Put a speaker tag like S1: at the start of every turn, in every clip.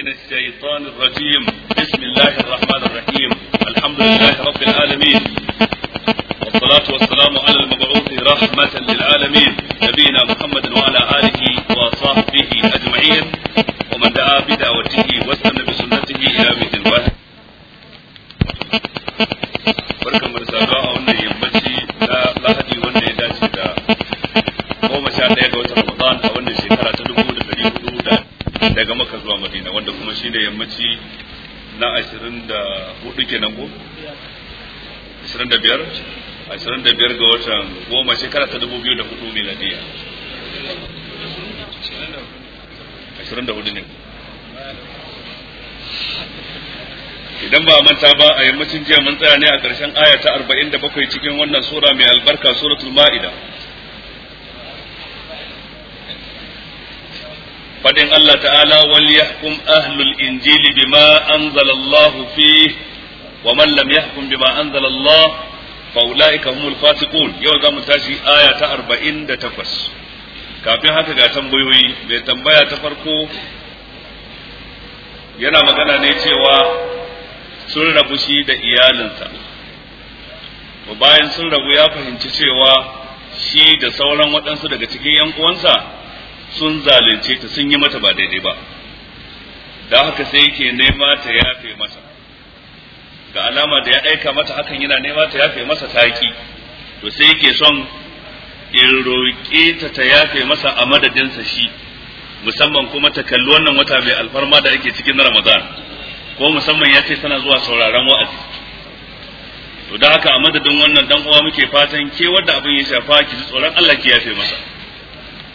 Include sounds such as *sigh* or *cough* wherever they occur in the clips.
S1: من الشيطان الرجيم بسم الله الرحمن الرحيم الحمد لله رب العالمين والصلاة والسلام على المبعوث رحمة للعالمين نبينا محمد وعلى آله وصحبه أجمعين ومن دعا
S2: بدعوته واستنى
S1: بسنته إلى بيت الواحد barkan mu da saduwa a wannan yammaci na lahadi wanda ya dace da
S2: goma sha ɗaya ga watan ramadan a wannan shekara ta dubu daga maka zuwa madina wanda kuma shi ne yammaci na ashirin da hudu kenan ko ashirin da biyar ashirin da biyar ga watan goma shekara ta dubu biyu da hudu miladiya ashirin da ne idan ba manta ba a yammacin jiya mun tsaya ne a ƙarshen aya ta arba'in da bakwai cikin wannan sura mai albarka suratul ma'ida Faɗin Allah ta'ala wal yahkum ahlul injili bima anzalallahu fihi wa Mallam lam yahkum bima anzalallahu fa ulaika humul fasiqun yau za mu tashi aya ta arba'in da 48 kafin haka ga tambayoyi mai tambaya ta farko yana magana ne cewa sun rabu shi da iyalinsa bayan sun rabu ya fahimci cewa shi da sauran waɗansu daga cikin 'yan uwansa sun zalunce ta sun yi mata ba daidai ba da haka sai yake nema ta yafe masa ga alama da ya aika mata hakan yana nema ta yafe masa taki to sai yake son in roƙe ta ta yafe masa a madadinsa shi musamman kuma ta kalli wannan wata mai alfarma da ake cikin na Ramadan ko musamman ya ce tana zuwa sauraron wa'azi to da haka a madadin wannan dan uwa muke fatan ke wanda abin ya shafa ki ji tsoron Allah ki yafe masa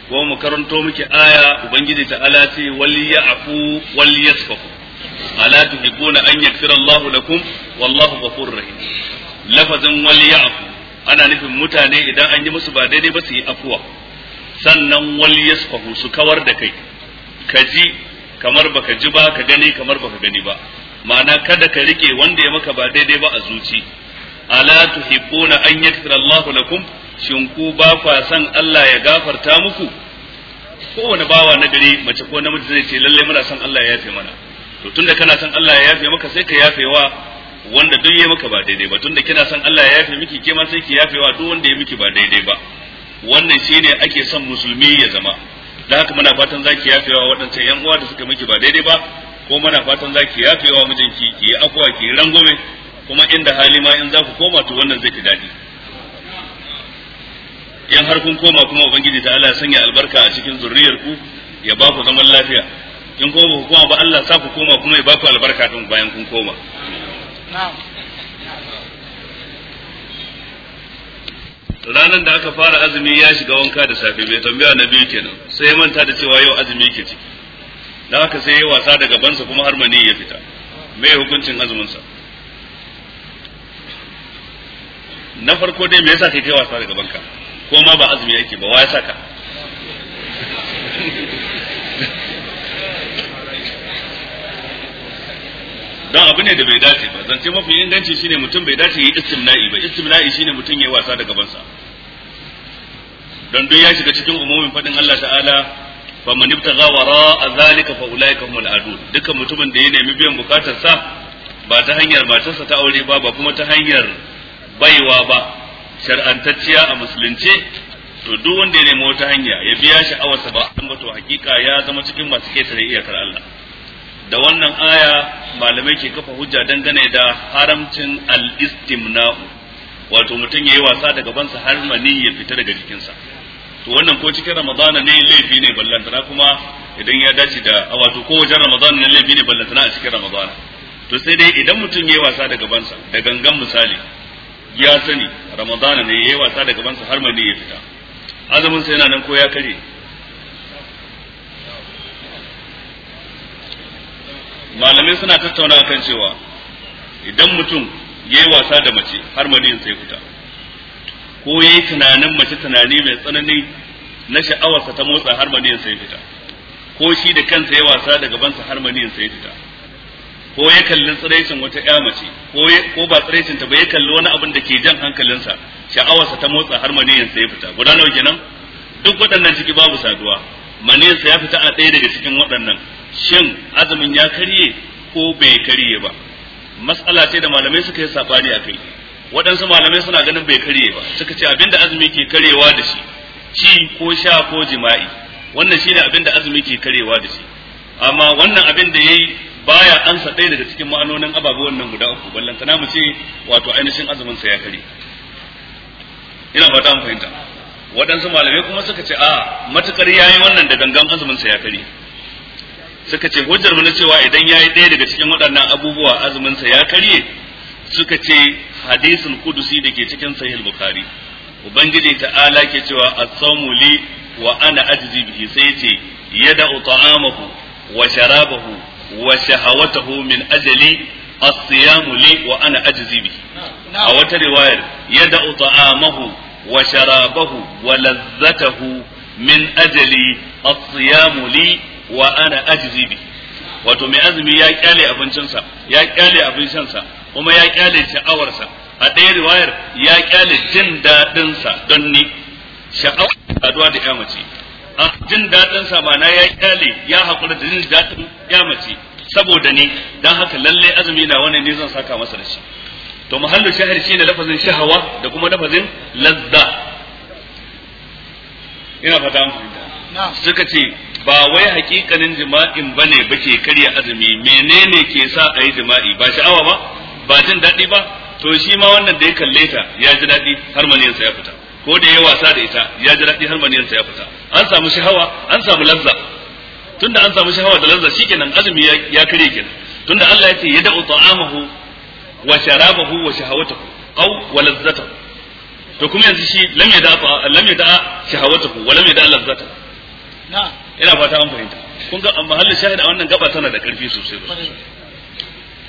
S2: ko mu karanto muke aya ubangiji ta ala ce wal ya'fu wal yasfahu ala tuhibuna an yaghfira Allah lakum wallahu ghafurur rahim lafazin wal ya'fu ana nufin mutane idan an yi musu ba daidai ba su yi afuwa sannan wal yasfahu su kawar da kai Kaji. kamar baka ji ba ka gani kamar baka gani ba ma'ana kada ka rike wanda ya maka ba daidai ba a zuci ala tuhibbuna an yaghfira Allah lakum shin ku ba kwa san Allah ya gafarta muku kowane bawa na gari mace ko namiji zai ce lalle muna san Allah ya yafe mana to tunda kana san Allah ya yafe maka sai ka yafe wa wanda duk ya maka ba daidai ba tunda kina san Allah ya yafe miki ke ma sai ki yafe wa duk wanda ya miki ba daidai ba wannan shine ake son musulmi ya zama dan haka muna fatan zaki yafe wa waɗancan yan uwa da suka miki ba daidai ba ko muna fatan zaki yafe wa mijinki ki yi akwa ki rangume kuma inda hali ma in za ku koma to wannan zai ki daɗi in har kun koma kuma ubangiji ta Allah ya sanya albarka a cikin zuriyar ku ya ba ku zaman lafiya in kuma ba ku koma ba Allah sa ku koma kuma ya ba ku albarka tun bayan kun koma ranar da aka fara azumi ya shiga wanka da safe bai tambaya na biyu kenan sai ya manta da cewa yau azumi ke ciki da haka sai ya wasa da sa kuma har mani ya fita me hukuncin azuminsa na farko dai me yasa kai kai wasa da banka? ko ma ba azumi yake ba waya saka don abu ne da bai dace ba zance mafi inganci shine mutum bai dace yi istimna'i ba istimna'i shine mutum ya yi wasa da gabansa don duk ya shiga cikin umumin fadin Allah ta'ala fa man ibtagha wara zalika fa ulaika humul adud dukkan mutumin da ya nemi biyan bukatarsa ba ta hanyar matarsa ta aure ba ba kuma ta hanyar baiwa ba shar'antacciya a musulunce to duk wanda ya nemo wata hanya ya biya sha'awarsa ba an ba to hakika ya zama cikin masu ketare iyakar Allah da wannan aya malamai ke kafa hujja dangane da haramcin al-istimna'u wato mutum yayi wasa daga bansa har mani ya fita daga jikinsa to wannan ko cikin ramadana ne laifi ne ballantana kuma idan ya dace da wato ko wajen ramadana ne laifi ne ballantana a cikin ramadana to sai dai idan mutum yayi wasa daga bansa da gangan misali ya sani ramadana ne yayi wasa da gaban sa har mai ya fita azumin sa yana nan ko ya kare malamai suna tattauna kan cewa idan mutum yayi wasa da mace har maniyin sai fita ko yayi tunanin mace tunani mai tsanani na sha'awarsa ta motsa har maniyin sai fita ko shi da kansa yayi wasa da gaban sa har maniyin sai fita ko ya kalli tsiraicin wata ƴa mace ko ba tsiraicin ta ba ya kalli wani abin da ke jan hankalinsa sha'awarsa ta motsa har maniyansa ya fita guda nawa kenan duk waɗannan ciki babu saduwa maniyansa ya fita a ɗaya daga cikin waɗannan shin azumin ya karye ko bai karye ba mas'ala ce da malamai suka yi sabani a kai waɗansu malamai suna ganin bai karye ba suka ce abinda azumi ke karyewa da shi ci ko sha ko jima'i wannan shine abinda azumi ke karyewa da shi amma wannan abin da yayi baya ansa ɗaya daga cikin ma'anonin ababe wannan guda uku ballan na mu ce wato ainihin azumin sa ya kare ina fata an fahimta waɗansu malamai kuma suka ce a matukar yayi wannan da gangan azumin sa ya kare suka ce hujjar mu na cewa idan yayi ɗaya daga cikin waɗannan abubuwa azumin sa ya kare suka ce hadisin kudusi da ke cikin sahih bukhari ubangiji ta'ala ke cewa as-sawmu li wa ana ajzi bihi sai ce yada'u ta'amahu wa sharabahu wa shahawatahu min ajali as-siyam li wa ana ajzi bi a wata riwayar yada'u ta'amahu wa sharabahu wa ladzatahu min ajali as wa ana ajzi bi wato mai azumi ya kyale abincinsa ya kyale abin kuma ya kyale sha'awarsa a ɗaya riwayar ya kyale jin daɗinsa don ni sha'awar saduwa da ya mace a ah, jin daɗin sa ya kyale ya haƙura da jin daɗin ya mace saboda ne dan haka lallai azumi na wani ne zan saka masa da shi to muhallin shahar ne lafazin shahawa da kuma lafazin lazza ina fata an fahimta suka ce ba wai hakikanin jima'in bane ke karya azumi menene ke sa a yi jima'i ba sha'awa ba ba jin daɗi ba to shi ma wannan da ya kalle ta ya ji daɗi har maniyansa ya fita ko da ya wasa da ita ya ji daɗi har maniyansa ya fita an samu shahawa an samu lazza tunda an samu shahawa da lazza shikenan azumi ya kare kenan tunda Allah ya ce ya da'u ta'amahu wa sharabahu wa shahawatahu aw wa lazzatahu to kuma yanzu shi lam ya da'a lam ya da'a shahawatahu wa lam ya da'a lazzatahu ina fata an fahimta kun ga halin shahid a wannan gaba tana da karfi sosai ba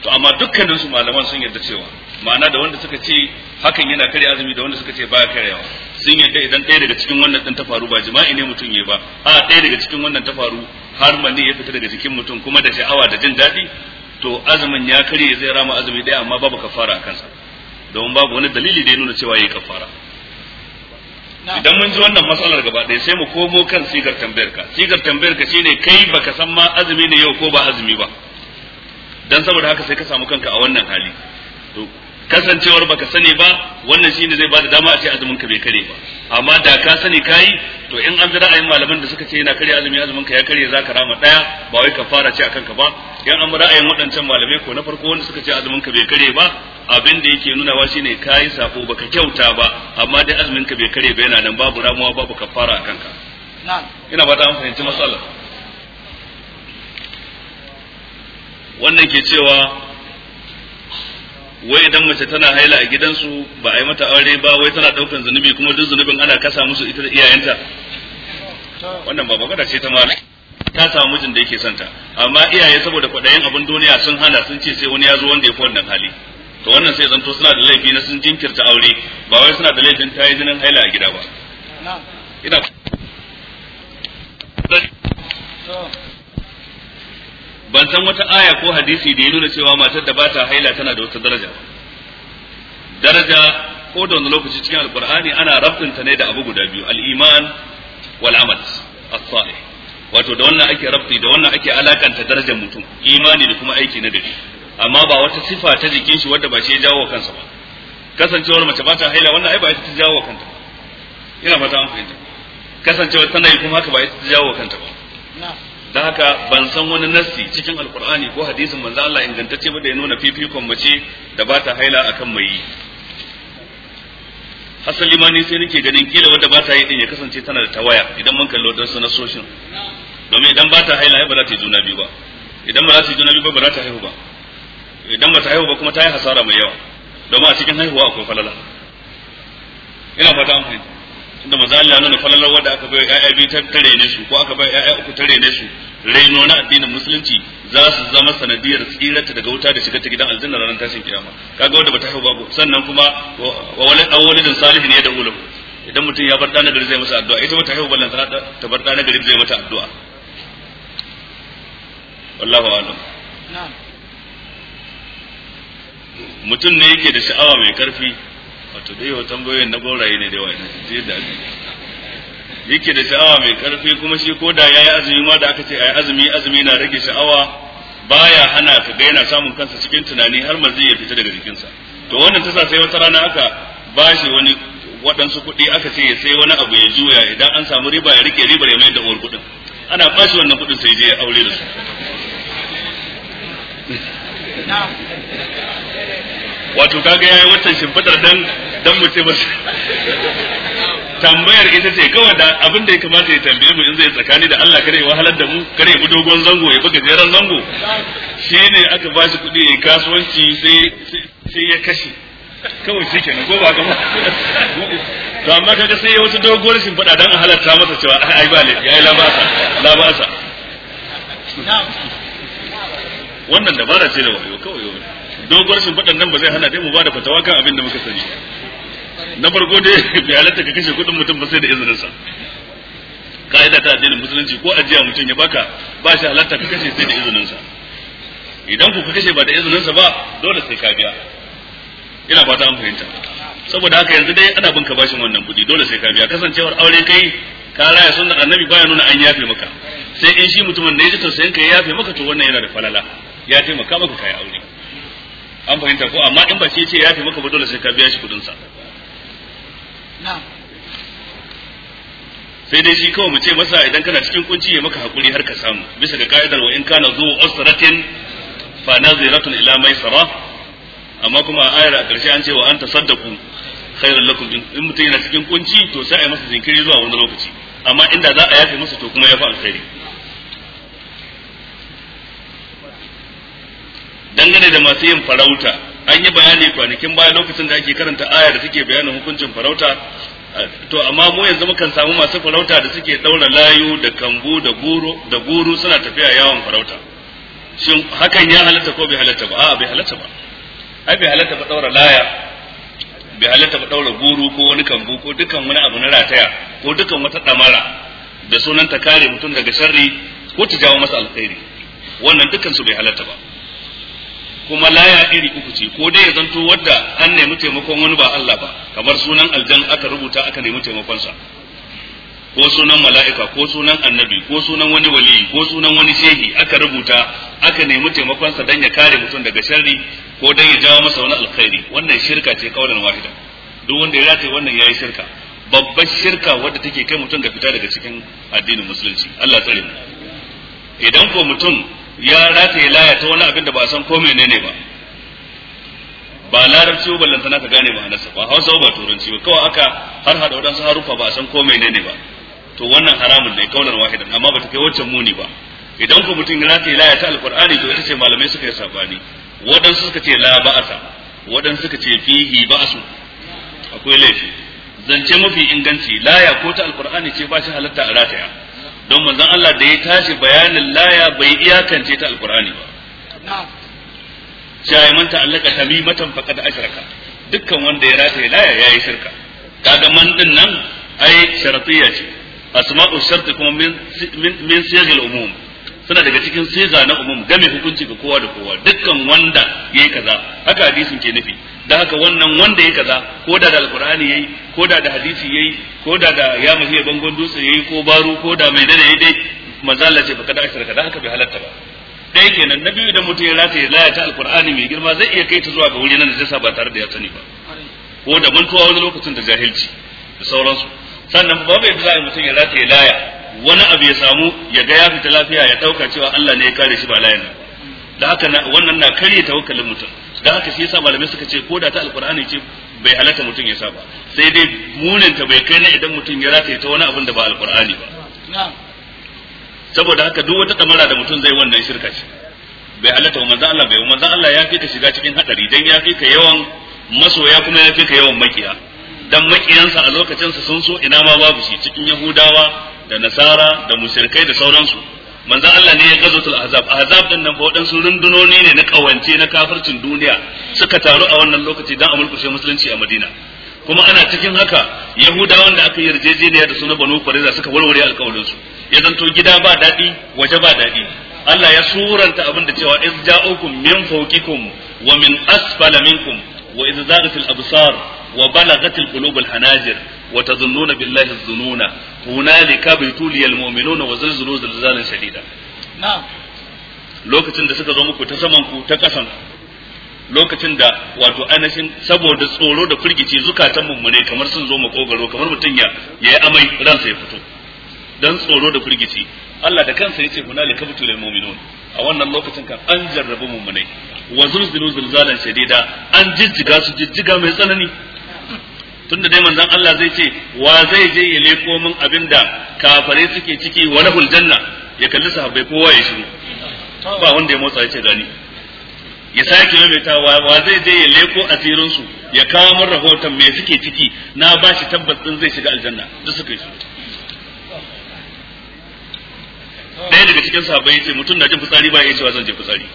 S2: to amma dukkanin su malaman sun yarda cewa ma'ana da wanda suka ce hakan yana kare azumi da wanda suka ce baya karewa sun yanka idan ɗaya daga cikin wannan ɗin ta faru ba jima'i ne mutum ya ba a ɗaya daga cikin wannan ta faru har mani ya fita daga cikin mutum kuma da sha'awa da jin daɗi to azumin ya karye zai rama azumi ɗaya amma babu kafara a kansa domin babu wani dalili da ya nuna cewa yayi kafara idan mun ji wannan matsalar gaba ɗaya sai mu komo kan sigar tambayar ka sigar tambayar ka shine kai baka san ma azumi ne yau ko ba azumi ba dan saboda haka sai ka samu kanka a wannan hali kasancewar baka sani ba wannan shi ne zai bada dama a ce azumin ka bai kare ba amma da ka sani kai to in an zira ra'ayin malaman da suka ce yana kare azumi azumin ka ya kare za ka rama daya ba wai ka fara ce akan ka ba in an ra'ayin waɗancan malamai ko na farko wanda suka ce azumin ka bai kare ba abin da yake nunawa shine kai sako baka kyauta ba amma dai azumin ka bai kare ba yana nan babu ramuwa babu kafara akan ka ina ba ta an fahimci matsalar wannan ke cewa wai idan mace tana haila a gidansu ba a yi mata aure ba wai tana daukan zunubi kuma duk zunubin ana kasa musu ita da iyayenta wannan ba magana ce ta mara ta samu mijin da yake santa amma iyaye saboda kwadayin abin duniya sun hana sun ce sai wani ya zo wanda ya fi wannan hali to wannan sai zanto suna da laifi na sun jinkirta aure ba wai suna da laifin ta yi jinin haila a gida ba ina ban san wata aya ko hadisi da ya nuna cewa matar da ba ta haila tana da wata daraja daraja ko da wani lokaci cikin alkur'ani ana rabtinta ne da abu guda biyu al-iman wal amal as-salih wato da wannan ake rabti da wannan ake alakanta darajar mutum imani da kuma aiki na gari amma ba wata sifa ta jikin shi wadda ba shi ya jawo kansa ba kasancewar mace ba ta haila wannan ai ba ita ta jawo kanta ba ina fata an fahimta kasancewar tana yi kuma haka ba ita ta jawo kanta
S1: ba
S2: dan haka ban san wani nassi cikin alkur'ani ko hadisin manzo Allah ingantacce ba da ya nuna fifikon mace da ba ta haila akan mai asali ma ni sai nake ganin kila wanda ba ta yi din ya kasance tana da tawaya idan mun kallo dan su na soshin domin idan ba ta haila ba za ta yi juna biyu ba idan ba za ta yi juna biyu ba ba za ta haihu ba idan ba ta haihu ba kuma ta yi hasara mai yawa domin a cikin haihuwa akwai falala ina fata an fahimta inda manzo Allah ya nuna falalar wanda aka bai ƴaƴa biyu ta tare ne su ko aka bai ƴaƴa uku tare ne su raino na addinin musulunci za su zama sanadiyar tsirata daga wuta da shiga ta gidan aljanna ranar tashin kiyama kaga wanda bata haifa ba sannan kuma wa awwalidin salihin ya da ulahu idan mutum ya bar dana gari zai masa addu'a ita ta haihu ballan ta bar dana gari zai mata addu'a wallahu alam mutum ne yake da sha'awa mai karfi wato dai yau tambayoyin na goraye ne da yawa ne da yake da sha'awa mai karfi kuma shi ko da yi azumi ma da aka ce ai azumi azumi na rage sha'awa baya hana ka ga yana samun kansa cikin tunani har ma zai fita daga jikinsa to wannan tasa sai wata rana aka bashi wani waɗansu kuɗi aka ce ya sai wani abu ya juya idan an samu riba ya rike ribar ya mai da uwar kuɗin ana bashi wannan kuɗin sai je ya aure da su wato kaga yayi watan shimfidar dan dan mu ce tambayar ita ce kawai da abin da ya kamata ya tambaye mu in zai tsakani da Allah kare wahalar da mu kare mu dogon zango ya buga jeran zango shi ne aka ba shi kuɗi ya kasuwanci sai sai ya kashe kawai shi kenan ko ba kama to amma kaga sai ya wata doguwar shin fada dan a masa cewa ai ba laifi ai labasa labasa wannan dabara ce da wayo kawai doguwar shin fada nan ba zai hana dai mu ba da fatawa kan abin da muka sani na farko dai bai halatta ka kashe kuɗin mutum ba sai da izinin sa ka'ida ta addinin musulunci ko ajiya mutum ya baka ba shi halatta ka kashe sai da izinin sa idan ku kashe ba da izinin sa ba dole sai ka biya ina ba ta an fahimta saboda haka yanzu dai ana binka bashin wannan kuɗi dole sai ka biya kasancewar aure kai ka raya da annabi baya nuna an yafe maka sai in shi mutumin da ya ji tausayin ka ya yafe maka to wannan yana da falala ya taimaka maka kai aure an fahimta ko amma in ba shi ce ya yafe maka ba dole sai ka biya shi kuɗin sa sai dai shi kawai mu ce masa idan kana cikin kunci ya maka hakuri har ka samu bisa ga ka'idar wa in kana zu usratin fa naziratun ila maisara amma kuma a ayar a ƙarshe an ce wa an tasaddaqu khairul lakum in mutum yana cikin kunci to sai a masa jinkiri zuwa wani lokaci amma inda za a yafe masa to kuma ya fi alkhairi dangane da masu yin farauta an yi bayani kwanakin baya lokacin da ake karanta aya da take bayanin hukuncin farauta to amma mu yanzu mukan samu masu farauta da suke daura layu da kambu da guru da guru suna tafiya yawon farauta shin hakan ya halatta ko bai halatta ba a'a bai halatta ba ai bai halatta ba daura laya bai halatta ba daura guru ko wani kambu ko dukan wani abu na rataya ko dukan wata damara da sunan ta kare mutum daga sharri ko ta jawo masa alkhairi wannan dukan su bai halatta ba kuma laya iri uku ce ko dai ya zanto wadda an nemi taimakon wani ba Allah ba kamar sunan aljan aka rubuta aka nemi taimakon sa ko sunan mala'ika ko sunan annabi ko sunan wani wali ko sunan wani shehi aka rubuta aka nemi taimakon sa dan ya kare mutum daga sharri ko dan ya jawo masa wani alkhairi wannan shirka ce kaulan wahida duk wanda ya rataye wannan yayi shirka babbar shirka wadda take kai mutum ga fita daga cikin addinin musulunci Allah tsare mu idan ko mutum ya ya laya ta wani abin da ba san ko menene ba ba larabci ba lantana ka gane ba nasa. ba hausa ba turanci ba kawai aka har hada wadansu harufa ba san ko menene ba to wannan haramun ne kaunar wahidan amma ba ta kai waccan muni ba idan ko mutum ya ya laya ta alkur'ani to ita ce malamai suka yi sabani Waɗansu suka ce la ba'asa waɗansu suka ce fihi ba'su akwai laifi zance mafi inganci laya ko ta alkur'ani ce ba shi halatta a rataya don manzon Allah da ya tashi bayanin laya bai iyakance ta alkur'ani ba sai man ta'allaka tamimatan faqad ashraka dukkan wanda ya rataye laya yayi shirka kaga man din nan ai sharatiyya ce asma'u shart kuma min min siyagil umum suna daga cikin siza na umum game hukunci ga kowa da kowa dukkan wanda ya yi kaza haka hadisin ke nufi da haka wannan wanda ya kaza ko da da ya yi ko da da hadisi yi ko da da ya mahiya bangon dutse ya yi ko baro ko da mai dana yi dai mazala ce baka da da haka bai halatta ba dai kenan na biyu idan mutum ya rataye ya ta alkur'ani mai girma zai iya kai ta zuwa ga wuri na najasa ba tare da ya sani ba ko da mantuwa wani lokacin da jahilci da sauransu sannan babu yadda za a mutum ya rataye laya wani abu ya samu ya ga ya fita lafiya ya dauka cewa Allah ne ya kare shi ba layin nan da haka wannan na kare tawakkalin mutum da haka shi yasa malamai suka ce koda ta alqur'ani ce bai halatta mutum ya saba sai dai ta bai kai na idan mutum ya rataye ta wani abin da ba alqur'ani ba saboda haka duk wata kamara da mutum zai wannan shirka ce bai halatta wa manzo Allah bai wa manzo Allah ya fi ka shiga cikin hadari dan ya fi ka yawan masoya kuma ya fi ka yawan makiya dan makiyansa a lokacinsa sun so ina ma babu shi cikin yahudawa da nasara da mushrikai da sauransu manzon Allah ne ya gazo tul ahzab ahzab din nan ba waɗansu rundunoni ne na kawance na kafircin duniya suka taru a wannan lokaci dan a mulkushe musulunci a Madina kuma ana cikin haka yahudawan da aka yarjejeniya da su na banu fariza suka warware su ya zanto gida ba daɗi waje ba daɗi Allah ya suranta abin da cewa iz ja'ukum min fawqikum wa min asfala minkum wa iz zaghatil absar wa balagatil qulubul hanajir wa tadhunnuna billahi dhununa hunalika baituliyal mu'minuna wa zalzalu zalzalan shadida na'am lokacin da suka zo muku ta saman ku ta kasan lokacin da wato ainihin saboda tsoro da firgici zukatan mummune kamar sun zo makogaro kamar mutum ya yi amai ransa ya fito dan tsoro da firgici Allah da kansa ya yace hunalika baituliyal mu'minun a wannan lokacin kan an jarrabu mummune wa zulzilu zulzalan shadida an jijjiga su jijjiga mai tsanani tunda dai manzon Allah zai ce wa zai je ya leko min abinda kafare suke ciki wa lahul janna ya kalli sahabbai kowa ya shiru ba wanda ya motsa ya ce gani ya sake ta wa zai je ya leko asirin su ya kawo min rahoton me suke ciki na bashi tabbas din zai shiga aljanna duk suka yi ɗaya daga cikin sahabbai ya ce mutum na jin fitsari ba ya ce wa zan je fitsari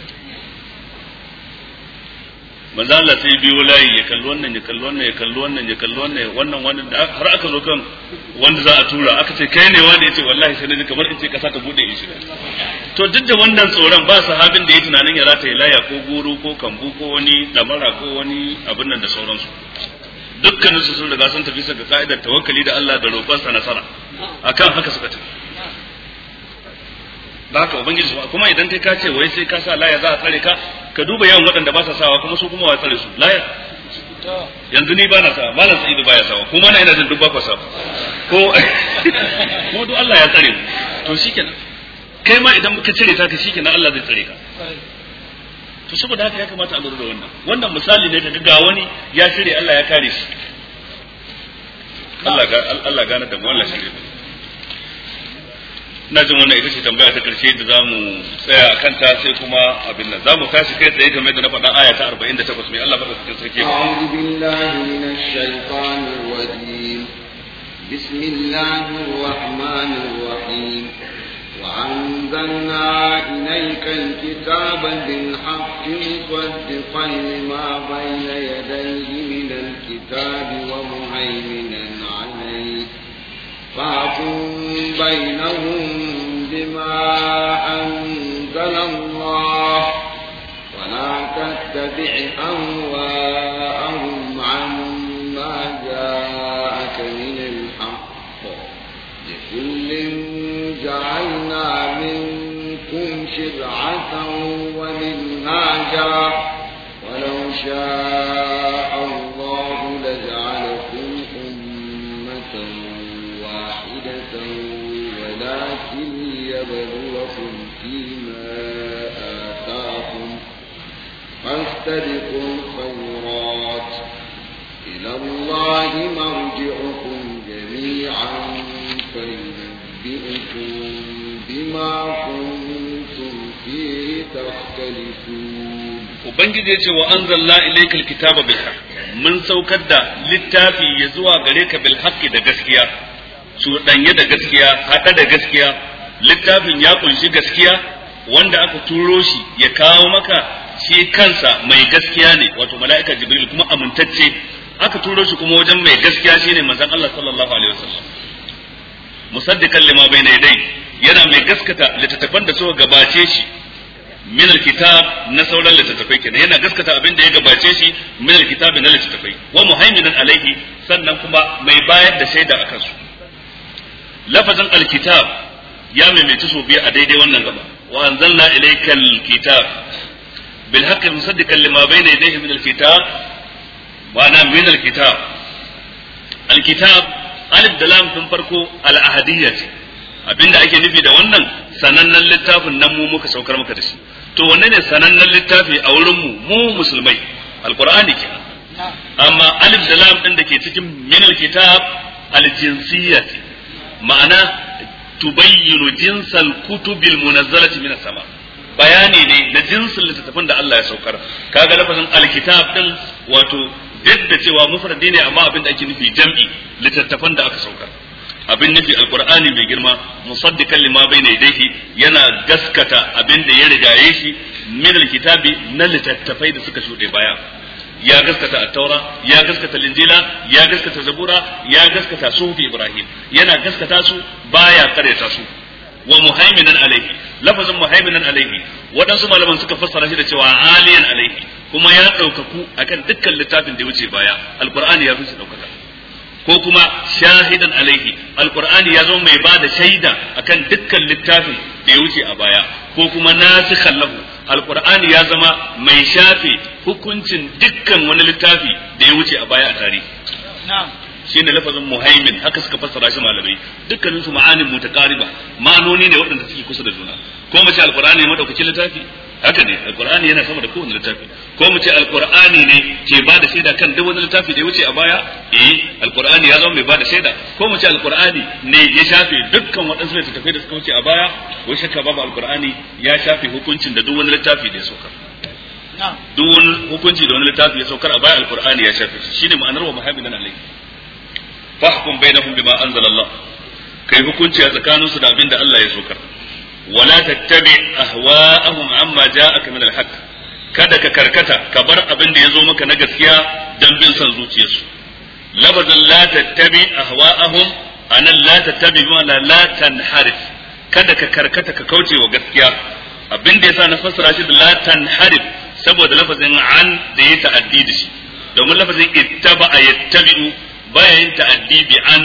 S2: manzo Allah sai biyo layi ya kalli wannan ya kalli wannan ya kalli wannan ya kalli wannan wannan wannan har aka zo kan wanda za a tura aka ce kai ne wani yace wallahi sai ne kamar in ce kasa ta bude shi to duk da wannan tsoron ba sahabin da yake tunanin ya zata yi laya ko goro ko kambu ko wani damara ko wani abin nan da sauransu dukkanin su sun riga sun tafi saka ka'idar tawakkali da Allah da roƙon sa nasara akan haka suka tafi da haka ubangiji su kuma idan kai ka ce wai sai ka sa laya za a tsare ka ka duba yawan waɗanda ba sa sawa kuma su kuma wa tsare su laya yanzu ni ba na sawa malam sa'idu baya sawa kuma na ina jin duk ba ku sawa ko
S1: *laughs* ko duk Allah
S2: ya tsare to shikenan kai ma idan ka cire ta ka shikenan Allah zai tsare ka to saboda haka ya kamata a lura da wannan wannan misali ne daga ga wani ya shirye Allah ya kare shi Allah ga Allah gane da mu Allah shirye na jin wannan ita ce tambaya ta karshe da za mu tsaya a kanta sai kuma abin nan za mu tashi kai tsaye game da na faɗin aya ta arba'in da takwas mai Allah faɗa cikin sarki ba. A'udhu
S3: billahi minash shaitanir rajim. Bismillahir rahmanir rahim. وأنزلنا إليك الكتاب بالحق مصدقا لما بين يديه من الكتاب ومهيمنا فاحكم بينهم بما أنزل الله ولا تتبع أهواءهم عما جاءك من الحق لكل جعلنا منكم شرعة ومنهاجا ولو شاء ليبلوكم فيما آتاكم فاستبقوا الخيرات إلى الله مرجعكم جميعا فينبئكم بما كنتم فيه تختلفون
S2: وبنجد يجي وأنزل الله إليك الكتاب بالحق من سوكدا للتافي يزوى غريك بالحق دا شو ɗanye da gaskiya, haɗa da gaskiya, littafin ya kunshi gaskiya wanda aka turo shi ya kawo maka shi kansa mai gaskiya ne wato mala'ika jibril kuma amintacce aka turo shi kuma wajen mai gaskiya shine manzon Allah sallallahu alaihi wasallam musaddiqan lima bayna yadayhi yana mai gaskata littattafan da suka gabace shi min alkitab na sauran littattafai kenan yana gaskata abin da ya gabace shi min alkitab na littattafai wa muhaiminan alaihi sannan kuma mai bayar da shaida akan su lafazin alkitab ya maimaici su biyu a daidai wannan gaba wa anzalna ilayka alkitab bil haqqi musaddiqan lima bayna yadayhi min alkitab wa ana min alkitab alkitab alif da lam tun farko al ahadiyya abinda ake nufi da wannan sanannen littafin nan mu muka saukar maka da shi to wanne ne sanannen littafi a wurin mu mu musulmai alqur'ani kenan amma alif da lam din da ke cikin min alkitab aljinsiyya ma'ana tubayyinu jinsal kutubil munazzalati min sama bayani ne na jinsin littattafan da Allah ya saukar kaga lafazin alkitab din wato duk da cewa mufradi ne amma abin da ake nufi jam'i littattafan da aka saukar abin nufi alqur'ani mai girma musaddiqan lima bayna yadayhi yana gaskata abin da ya rigaye shi min alkitabi na littattafai da suka shuɗe baya ya gaskata attaura taura ya gaskata linjila ya gaskata zabura ya gaskata sufi ibrahim yana gaskata su baya karyata su wa muhaiminan alaihi lafazin muhaiminan alaihi waɗansu malaman suka fassara shi da cewa aliyan alaihi kuma ya ɗaukaku akan dukkan littafin da ya wuce baya alqur'ani ya fi su ɗaukaka ko kuma shahidan alaihi alqur'ani ya zama mai bada shaida akan dukkan littafin da ya wuce a baya ko kuma nasikhan lahu alqur'ani ya zama mai shafe hukuncin dukkan wani littafi da ya wuce a baya a tarihi na'am shine lafazin muhaimin haka suka fassara shi malamai dukkanin su ma'anin mutaqariba ma'anoni ne waɗanda suke kusa da juna ko mace alqur'ani madaukakin littafi haka ne alqur'ani yana sama da kowane littafi ko mu ce alqur'ani ne ke ba da shaida kan duk wani littafi da ya wuce a baya eh alqur'ani ya zama mai ba da shaida ko mu ce alqur'ani ne ya shafe dukkan waɗansu tafi da suka wuce a baya ko shakka babu alqur'ani ya shafe hukuncin da duk wani littafi da ya sauka duk wani hukunci da wani littafi ya saukar a baya alqur'ani ya shafe shine ma'anar wa muhammadan alaihi fahkum bainahum bima anzalallah kai hukunci a tsakaninsu da abin da Allah ya saukar wala tattabi ahwa'ahum amma ja'aka min al kada ka karkata ka bar abin da yazo maka na gaskiya dan bin san zuciyarsu labazin la tattabi ahwa'ahum anan la tattabi ma la tanharif kada ka karkata ka kauce wa gaskiya abin da yasa na fassara shi da la tanharif saboda lafazin an da ya ta'addi da shi domin lafazin ittaba yattabi'u baya yin ta'addi bi an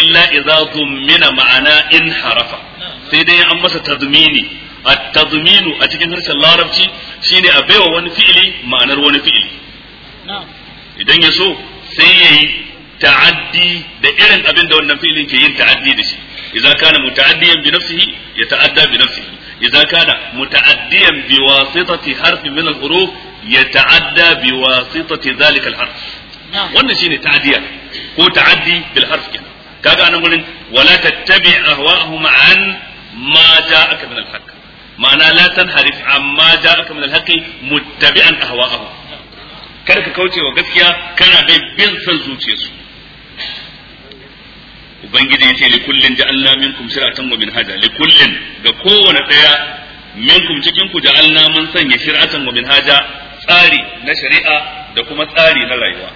S2: illa idza zummina ma'ana in harafa sai dai an masa tazmini at-tazminu a cikin harshen larabci shine a baiwa wani fi'ili ma'anar wani fi'ili idan ya so sai yayi ta'addi da irin abin da wannan fi'ilin ke yin ta'addi da shi idza kana muta'addiyan bi nafsihi yata'adda bi nafsihi إذا كان متعديا بواسطة حرف من الحروف يتعدى بواسطة ذلك الحرف wannan shine ta'adiya ko ta'addi bil harf kenan kaga anan gurin wala tattabi ahwa'ahum an ma ja'aka min al-haqq ma'ana la tanharif amma ja'aka min al-haqq muttabi'an ahwa'ahum kar ka kauce wa gaskiya kana dai bin san zuciyarsu ubangiji yace li kullin ja'alna minkum shir'atan wa minhaja li kullin ga kowane daya minkum cikin ku ja'alna mun sanya shir'atan wa minhaja tsari na shari'a da kuma tsari na rayuwa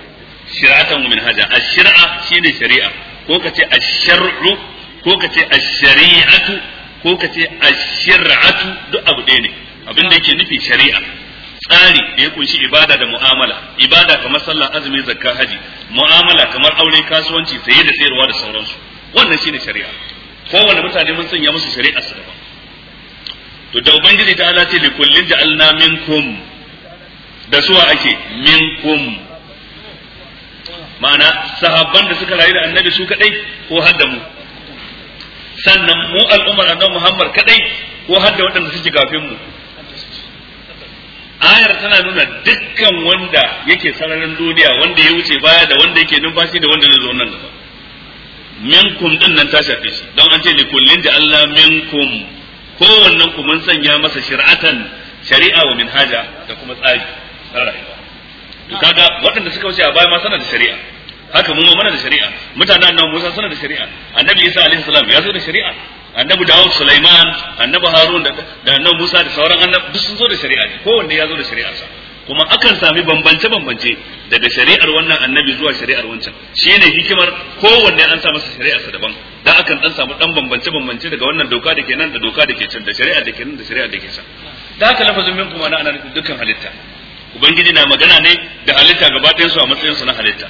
S2: shir'atan wa minhaja ash-shir'a shine shari'a ko ka ce ash-shar'u ko ka ce shariatu ko ka ce ash duk abu ɗaya ne abin da yake nufi shari'a tsari da ya kunshi ibada da mu'amala ibada kamar sallah azumi zakka haji mu'amala kamar aure kasuwanci saye da sayarwa da sauransu wannan shine shari'a kowane mutane mun sanya musu shari'a su daban to da ubangiji ta ala ce li kullin ja'alna minkum da suwa ake minkum ma'ana sahabban da suka rayu da annabi su kadai ko hadda mu sannan mu al'ummar annabi Muhammad kadai ko hadda waɗanda suke kafin mu ayar tana nuna dukkan wanda yake sararin duniya wanda ya wuce baya da wanda yake numfashi da wanda na zo nan gaba minkum din nan ta shafe shi don an ce li kullin da Allah minkum kowannen ku mun sanya masa shir'atan shari'a wa minhaja da kuma tsari na rayuwa kaga waɗanda suka wuce a baya ma suna da shari'a haka mu mana da shari'a mutanen annabi Musa suna da shari'a annabi Isa alaihi salam ya zo da shari'a annabi Dawud Sulaiman annabi Harun da annabi Musa da sauran annabi duk sun zo da shari'a ne kowanne ya zo da shari'a sa kuma akan sami bambance bambance daga shari'ar wannan annabi zuwa shari'ar wancan shine hikimar kowanne an sa masa shari'a sa daban dan akan dan samu dan bambance bambance daga wannan doka da ke nan da doka da ke can da shari'a da ke nan da shari'a da ke can da haka lafazin min kuma ana dukkan halitta ubangiji na magana ne da halitta gaba su a matsayin su na halitta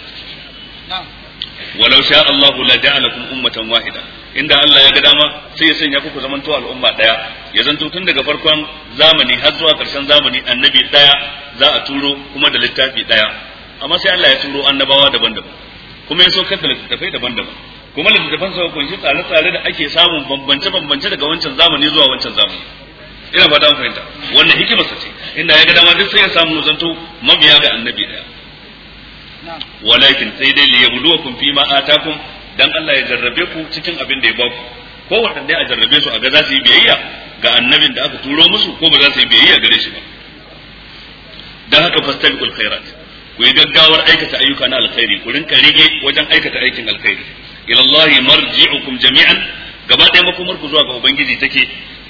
S2: walau sha Allah la ja'alakum ummatan wahida inda Allah ya ga dama sai ya sanya ku ku zaman to al'umma daya ya zanto tun daga farkon zamani har zuwa karshen zamani annabi daya za a turo kuma da littafi daya amma sai Allah ya turo annabawa daban-daban kuma ya saukar da littattafai daban-daban kuma littafan sa shi tsare-tsare da ake samun bambance-bambance daga wancan zamani zuwa wancan zamani ina ba dan fahimta wannan hikima sa ce inda ya ga dama duk sai ya samu zanto mabiya ga annabi daya walakin sai dai li yabluwakum fi ma atakum dan Allah ya jarrabe ku cikin abin da ya ku, ko waɗanda a jarrabe su a ga za su yi biyayya ga annabin da aka turo musu ko ba za su yi biyayya gare shi ba dan haka fastabiqul khairat ku yi gaggawar aikata ayyuka na alkhairi ku rinka rige wajen aikata aikin alkhairi ilallahi Allah marji'ukum jami'an gaba ɗaya makomar ku zuwa ga ubangiji take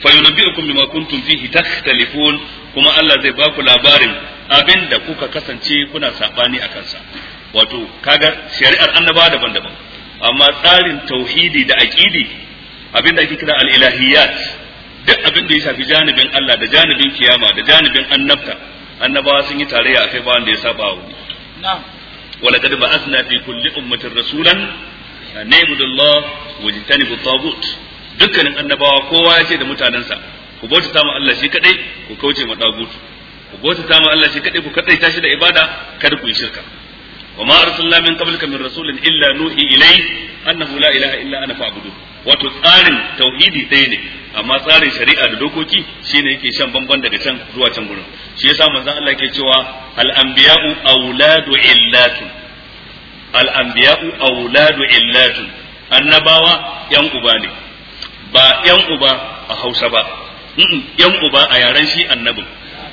S2: fa yunabbi'ukum bima kuntum fihi takhtalifun kuma Allah zai baku labarin abin da kuka kasance kuna sabani a kansa wato kaga shari'ar annaba daban-daban amma tsarin tauhidi da aqidi abin da ake kira al-ilahiyat duk abin da ya shafi janibin Allah da janibin kiyama da janibin annabta annabawa sun yi tarayya akai ba wanda ya saba wa wani ولقد بعثنا في كل أمة رسولا أن اعبدوا الله واجتنبوا dukkanin annabawa kowa ya ce da mutanensa ku bauta mu Allah shi kadai ku kauce ma dagutu ku bauta mu Allah shi kadai ku kadai tashi da ibada kada ku yi shirka wa ma arsalna min qablika min rasulin illa nuhi ilai annahu la ilaha illa ana fa'budu wato tsarin tauhidi dai ne amma tsarin shari'a da dokoki shine yake shan bamban daga can zuwa can gurin shi yasa manzon Allah ke cewa al anbiya'u awladu illatu al anbiya'u awladu illatun annabawa yan uba ne ba yan uba a Hausa ba yan uba a yaren shi annabin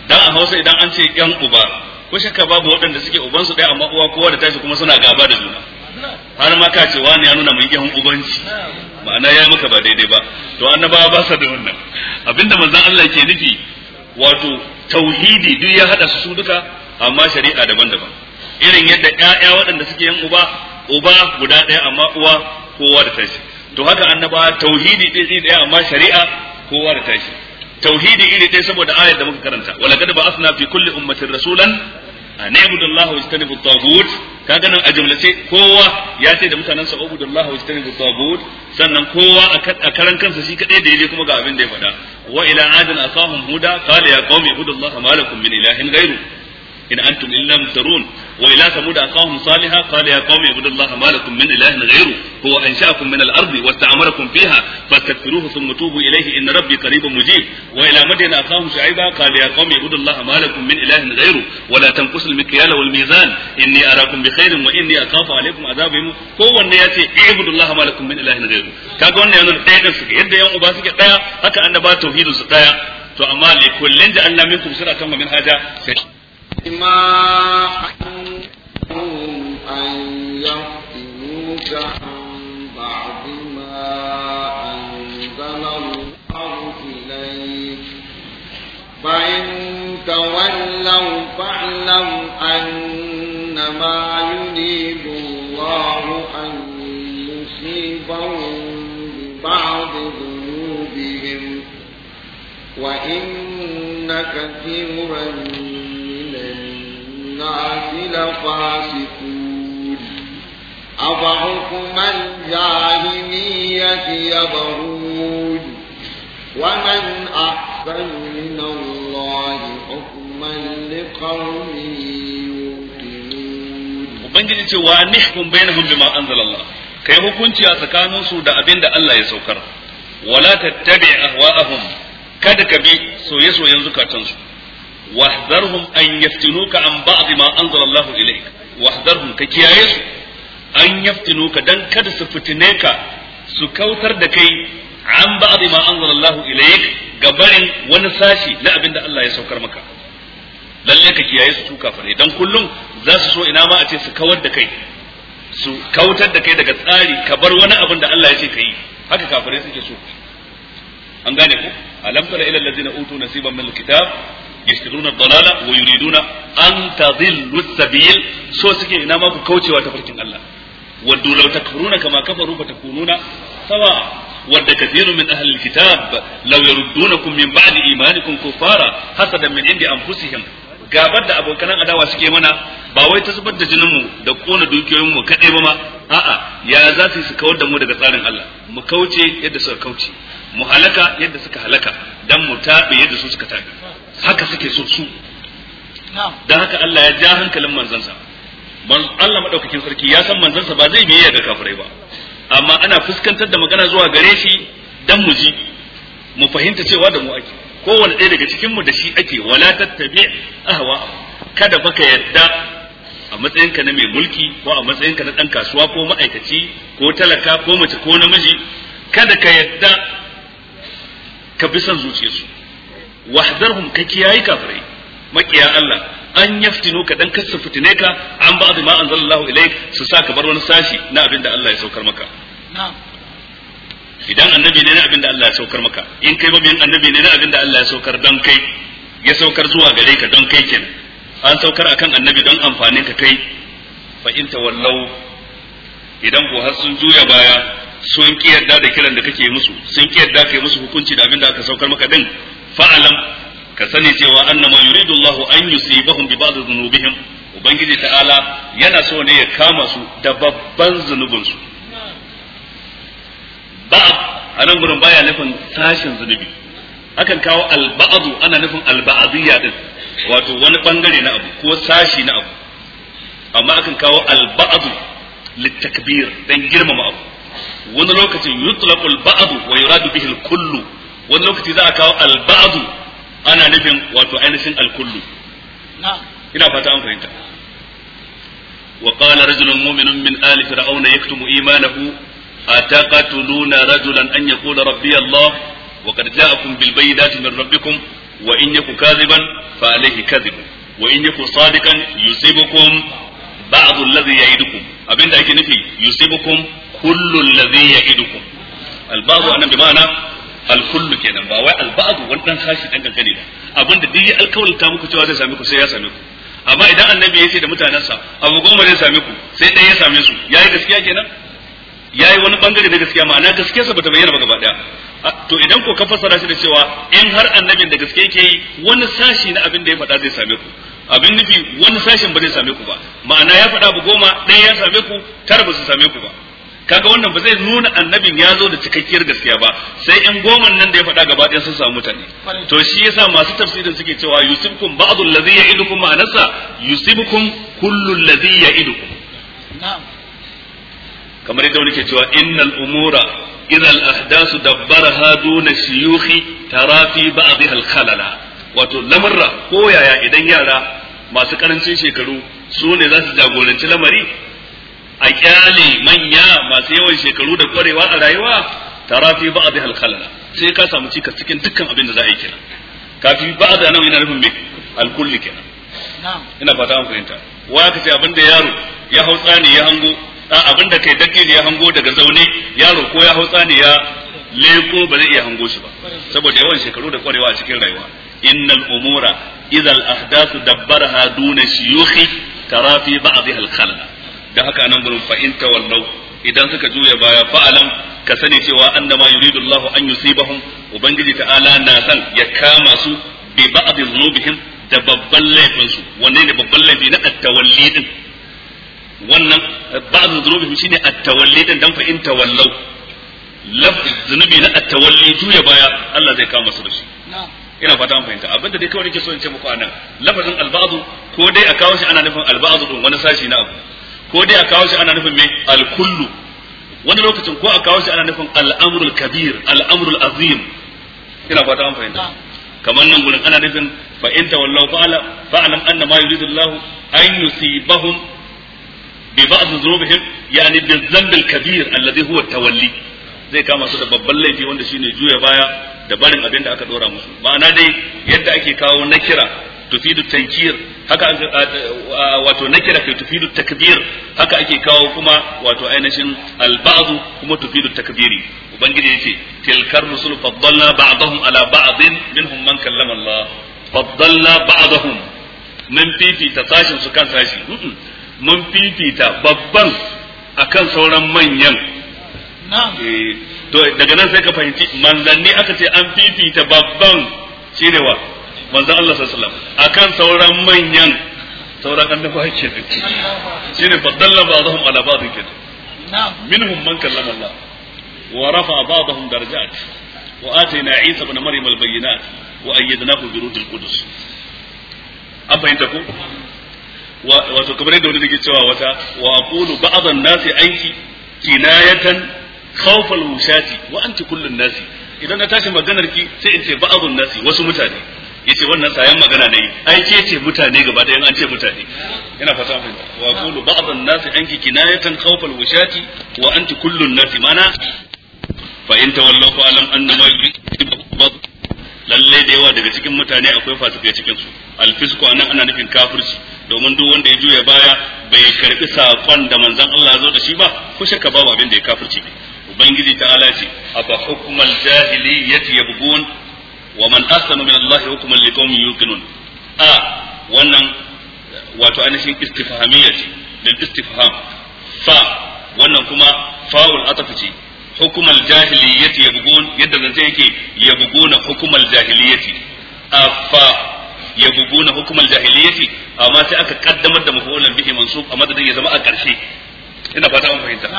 S2: dan a Hausa idan an ce yan uba ko shakka babu waɗanda suke ubansu ɗaya amma uwa kowa da tashi kuma suna gaba da juna har ma ka ce wani ya nuna mun yan ubanci ma'ana ya maka ba daidai ba to annabawa ba sa da wannan abinda manzon Allah ke nufi wato tauhidi duk ya hada su duka amma shari'a daban-daban irin yadda ƴaƴa waɗanda suke yan uba uba guda ɗaya amma uwa kowa da tashi to haka annaba tauhidi ɗaya iri ɗaya amma shari'a kowa da tashi tauhidi iri ɗaya saboda ayar da muka karanta walaqad ba'athna fi kulli ummatin rasulan an ibudu Allah wa istanibu at kaga nan a kowa ya ce da mutanen sa ibudu Allah wa istanibu at sannan kowa a karan kansa shi kadai da yaje kuma ga abin da ya faɗa wa ila adin asahum huda qala ya qaumi ibudu Allah ma lakum min ilahin gairu. in antum illam tarun wa ila thamud aqahum salihan qala ya qaumi ibudullaha ma lakum min ilahin ghayru huwa ansha'akum min al-ard wa ta'amarakum fiha fastaghfiruhu thumma tubu ilayhi inna rabbi qaribun mujib wa ila madyan aqahum shu'ayba qala ya qaumi ibudullaha ma lakum min ilahin ghayru da la tanqusul mikyal wal mizan inni bi khairin wa inni akhafu alaykum adhabahum ko wanne yace ibudullaha ma lakum min ilahin ghayru kaga wanne yana da dai suke yadda yan uba suke ɗaya. haka annabawa tauhidin su daya to amma likullin da Allah min kum sura tamma min haja sai
S3: أن يفتنوك عن ما أنزل الله إليك فإن تولوا فاعلم أنما يريد الله أن يصيبهم ببعض ذنوبهم وإن كثيرا الناس لفاسقون
S1: أفحكم الجاهلية
S3: يبغون ومن أحسن من الله حكما لقوم Ubangiji ce wa nihkum
S2: bainahum bima anzalallah kai hukunci a tsakaninsu da abin da Allah ya saukar wala tattabi ahwa'ahum kada ka bi soye-soyen zukatansu واحذرهم أن يفتنوك عن بعض ما أنزل الله إليك واحذرهم كيايس أن يفتنوك دن كد سفتنيك سكوتر دكي عن بعض ما أنزل الله إليك قبل ونساشي لا Allah ya saukar maka. lalle ka kiyaye su su kafare dan kullum za su so ina ma a ce su kawar da kai su kautar da kai daga tsari ka bar wani abin da Allah ya ce ka yi haka kafare suke so an gane ku alam tara ila allazina utu nasiban min alkitab yashtaruna dalala wa yuriduna an tadhillu sabil so suke nama ma ku kaucewa ta farkin Allah waddu law takfuruna kama kafaru fatakununa sawa wadda kathirun min ahli alkitab law yaruddunakum min ba'di imanikum kuffara hasadan min indi anfusihim gabar da abokan adawa suke mana ba wai ta zubar da jininmu da kona dukiyoyinmu kaɗai ba ma a'a ya za su su kawar da mu daga tsarin Allah mu kauce yadda suka kauce mu halaka yadda suka halaka dan mu tabe yadda su suka tabe haka suke so su dan haka Allah ya ja hankalin manzansa Allah madaukakin sarki ya san manzansa ba zai biyayya ga kafirai ba amma ana fuskantar da magana zuwa gare shi dan mu ji mu fahimta cewa da mu ake kowane ɗaya daga cikin mu da shi ake wala tattabi ahwa kada baka yadda a matsayinka na mai mulki ko a matsayinka na ɗan kasuwa ko ma'aikaci ko talaka ko mace ko namiji kada ka yadda ka bi son zuciyarsu wahzarhum ka kiyayi kafirai makiya Allah an yaftinu ka dan kasu fitine ka an ba'd ma anzalallahu ilaik su sa ka bar wani sashi na abin da Allah ya saukar maka idan annabi ne na abin da Allah ya saukar maka in kai mabiyin annabi ne na abin da Allah ya saukar don kai ya saukar zuwa gare ka don kai kenan an saukar akan annabi don amfanin ka kai fa in tawallau idan ko har sun juya baya sun ki yarda da kiran da kake musu sun ki yarda kai musu hukunci da abin da aka saukar maka din fa'alam ka sani cewa annama yuridu Allahu an yusibahum bi ba'd dhunubihim ubangiji ta'ala yana so ne ya kama su da babban zunubin su ba'd anan gurin baya nufin sashin zunubi akan kawo alba'adu ana nufin alba'adiyya din wato wani bangare na abu ko sashi na abu amma akan kawo alba'adu litakbir dan girmama abu wani lokacin yutlaqul ba'adu wa yuradu bihi kullu wani lokaci za a kawo alba'adu ana nufin wato ainihin alkullu ina fata an fahimta wa rajulun mu'minun min ali fir'auna yaktumu imanahu ataqatuluna rajulan an yaqula rabbi allah a qad ja'akum bil bayyinati min rabbikum wa in yaku kadhiban fa alayhi kadhibun wa in yaku sadiqan yusibukum ba'd alladhi ya'idukum abinda ake nufi yusibukum kullu alladhi ya'idukum alkullu kenan ba wai alba'adu wani dan sashi dan dangane ba abinda duk ya ta muku cewa zai same ku sai ya same ku amma idan annabi ya ce da mutanensa abu goma zai same ku sai ɗaya ya same su yayi gaskiya kenan yayi wani bangare da gaskiya ma'ana gaskiyarsa bata bayyana ba gaba daya to idan ko ka fassara shi da cewa in har annabin da gaske yake yi wani sashi na abin da ya faɗa zai same ku abin nufi wani sashin ba zai same ku ba ma'ana ya fada abu goma ɗaya ya same ku tara ba su same ku ba kaga wannan ba zai nuna annabin ya zo da cikakkiyar gaskiya ba sai in goma nan da ya faɗa gaba ɗaya sun samu mutane to shi yasa masu tafsirin suke cewa yusibkum ba'd allazi ya'idukum ma'anasa yusibkum kullu allazi ya'idukum kamar yadda wani ke cewa innal umura idza al ahdasu dabbaraha duna shuyukhi tara fi ba'dihal khalala wato lamarra ko yaya idan yara masu karancin shekaru su ne za su jagoranci lamari a kyale manya masu yawan shekaru da kwarewa a rayuwa tara fi a bi khalala sai ka samu cika cikin dukkan abin da za a yi kenan ka fi a zanen yana nufin mai al kulli kenan ina fata an fahimta wa ka ce abin da yaro ya hau tsani ya hango abin da kai dake ya hango daga zaune yaro ko ya hau tsani ya leko ba zai iya hango shi ba saboda yawan shekaru da kwarewa a cikin rayuwa innal umura idal ahdathu dabbarha duna shuyukhi tara fi ba'd al khalala da haka nan gurin fahimta wallau, tawallau idan suka juya baya fa'alam ka sani cewa annama yuridu Allah an yusibahum ubangiji ta'ala na san ya kama su bi ba'd dhunubihim da babban laifin su wanne ne babban laifi na at-tawalli din wannan ba'd dhunubihim shine at-tawalli din dan fa in tawallau zunubi na at-tawalli juya baya Allah zai kama su da shi ina fata mun fahimta abinda dai kawai nake so in ce muku anan lafazin al-ba'd ko dai a kawo shi ana nufin al-ba'd wani sashi na abu ko dai a kawo shi ana nufin me al-kullu wani lokacin ko a kawo shi ana nufin al-amrul kabir al-amrul azim ina fata an fahimta kamar nan gurin ana nufin fa in tawallaw fa'ala fa'lam anna ma yuridu Allah an yusibahum bi ba'd dhunubihim yani bi dhanb kabir alladhi huwa tawalli zai kama su da babban laifi wanda shine juya baya da barin abin da aka dora musu ma'ana dai yadda ake kawo nakira tufidu tankir haka an wato nakira kai tufidu takbir haka ake kawo kuma wato ainihin alba'd kuma tufidu takbiri ubangiji yace tilkar rusul faddalna ba'dahum ala ba'din minhum man kallama Allah faddalna ba'dahum mun fifita sashin su kan sashi mun fifita babban akan sauran manyan eh, to daga nan sai ka fahimci manzanni aka ce an fifita babban shine wa manzon Allah sallallahu alaihi wasallam akan sauran manyan sauran annabawa kenan shine faddalla ba'dhum ala ba'd kenan
S1: minhum man kallama
S2: Allah wa rafa'a ba'dhum darajat wa atayna Isa ibn Maryam al-bayyinat wa ayyadnahu bi ruhil qudus an fahimta ko wato kamar yadda wani nake cewa wata wa aqulu ba'dhan nasi anki kinayatan khawfal wushati wa anti kullun nasi idan na tashi maganar ki sai in ce ba'dun nasi wasu mutane yace wannan sayan magana ne ai ke ce mutane gaba da an ce mutane ina fata mun wa qulu ba'd an-nas anki kinayatan khawfal wushati wa anti kullu an-nas mana fa in tawallaw fa alam anna ma lalle da yawa daga cikin mutane akwai fasikai cikin su alfisku anan ana nufin kafirci domin duk wanda ya juya baya bai karbi sakon da manzon Allah ya zo da shi ba ku shakka babu abin da ya kafirci ubangiji ta'ala ce afa hukmal jahiliyyati yabghun wa man ahsanu min Allah hukman liqaumin yuqinun a wato ainihin istifhamiyya ce istifham fa wannan kuma fa'ul atafi ce hukumar jahiliyyati yabgun yadda zance yake yabguna hukumar jahiliyyati afa yabguna hukumar jahiliyyati amma sai aka kaddamar da mafulan bihi mansub a madadin ya zama a ƙarshe ina fata an fahimta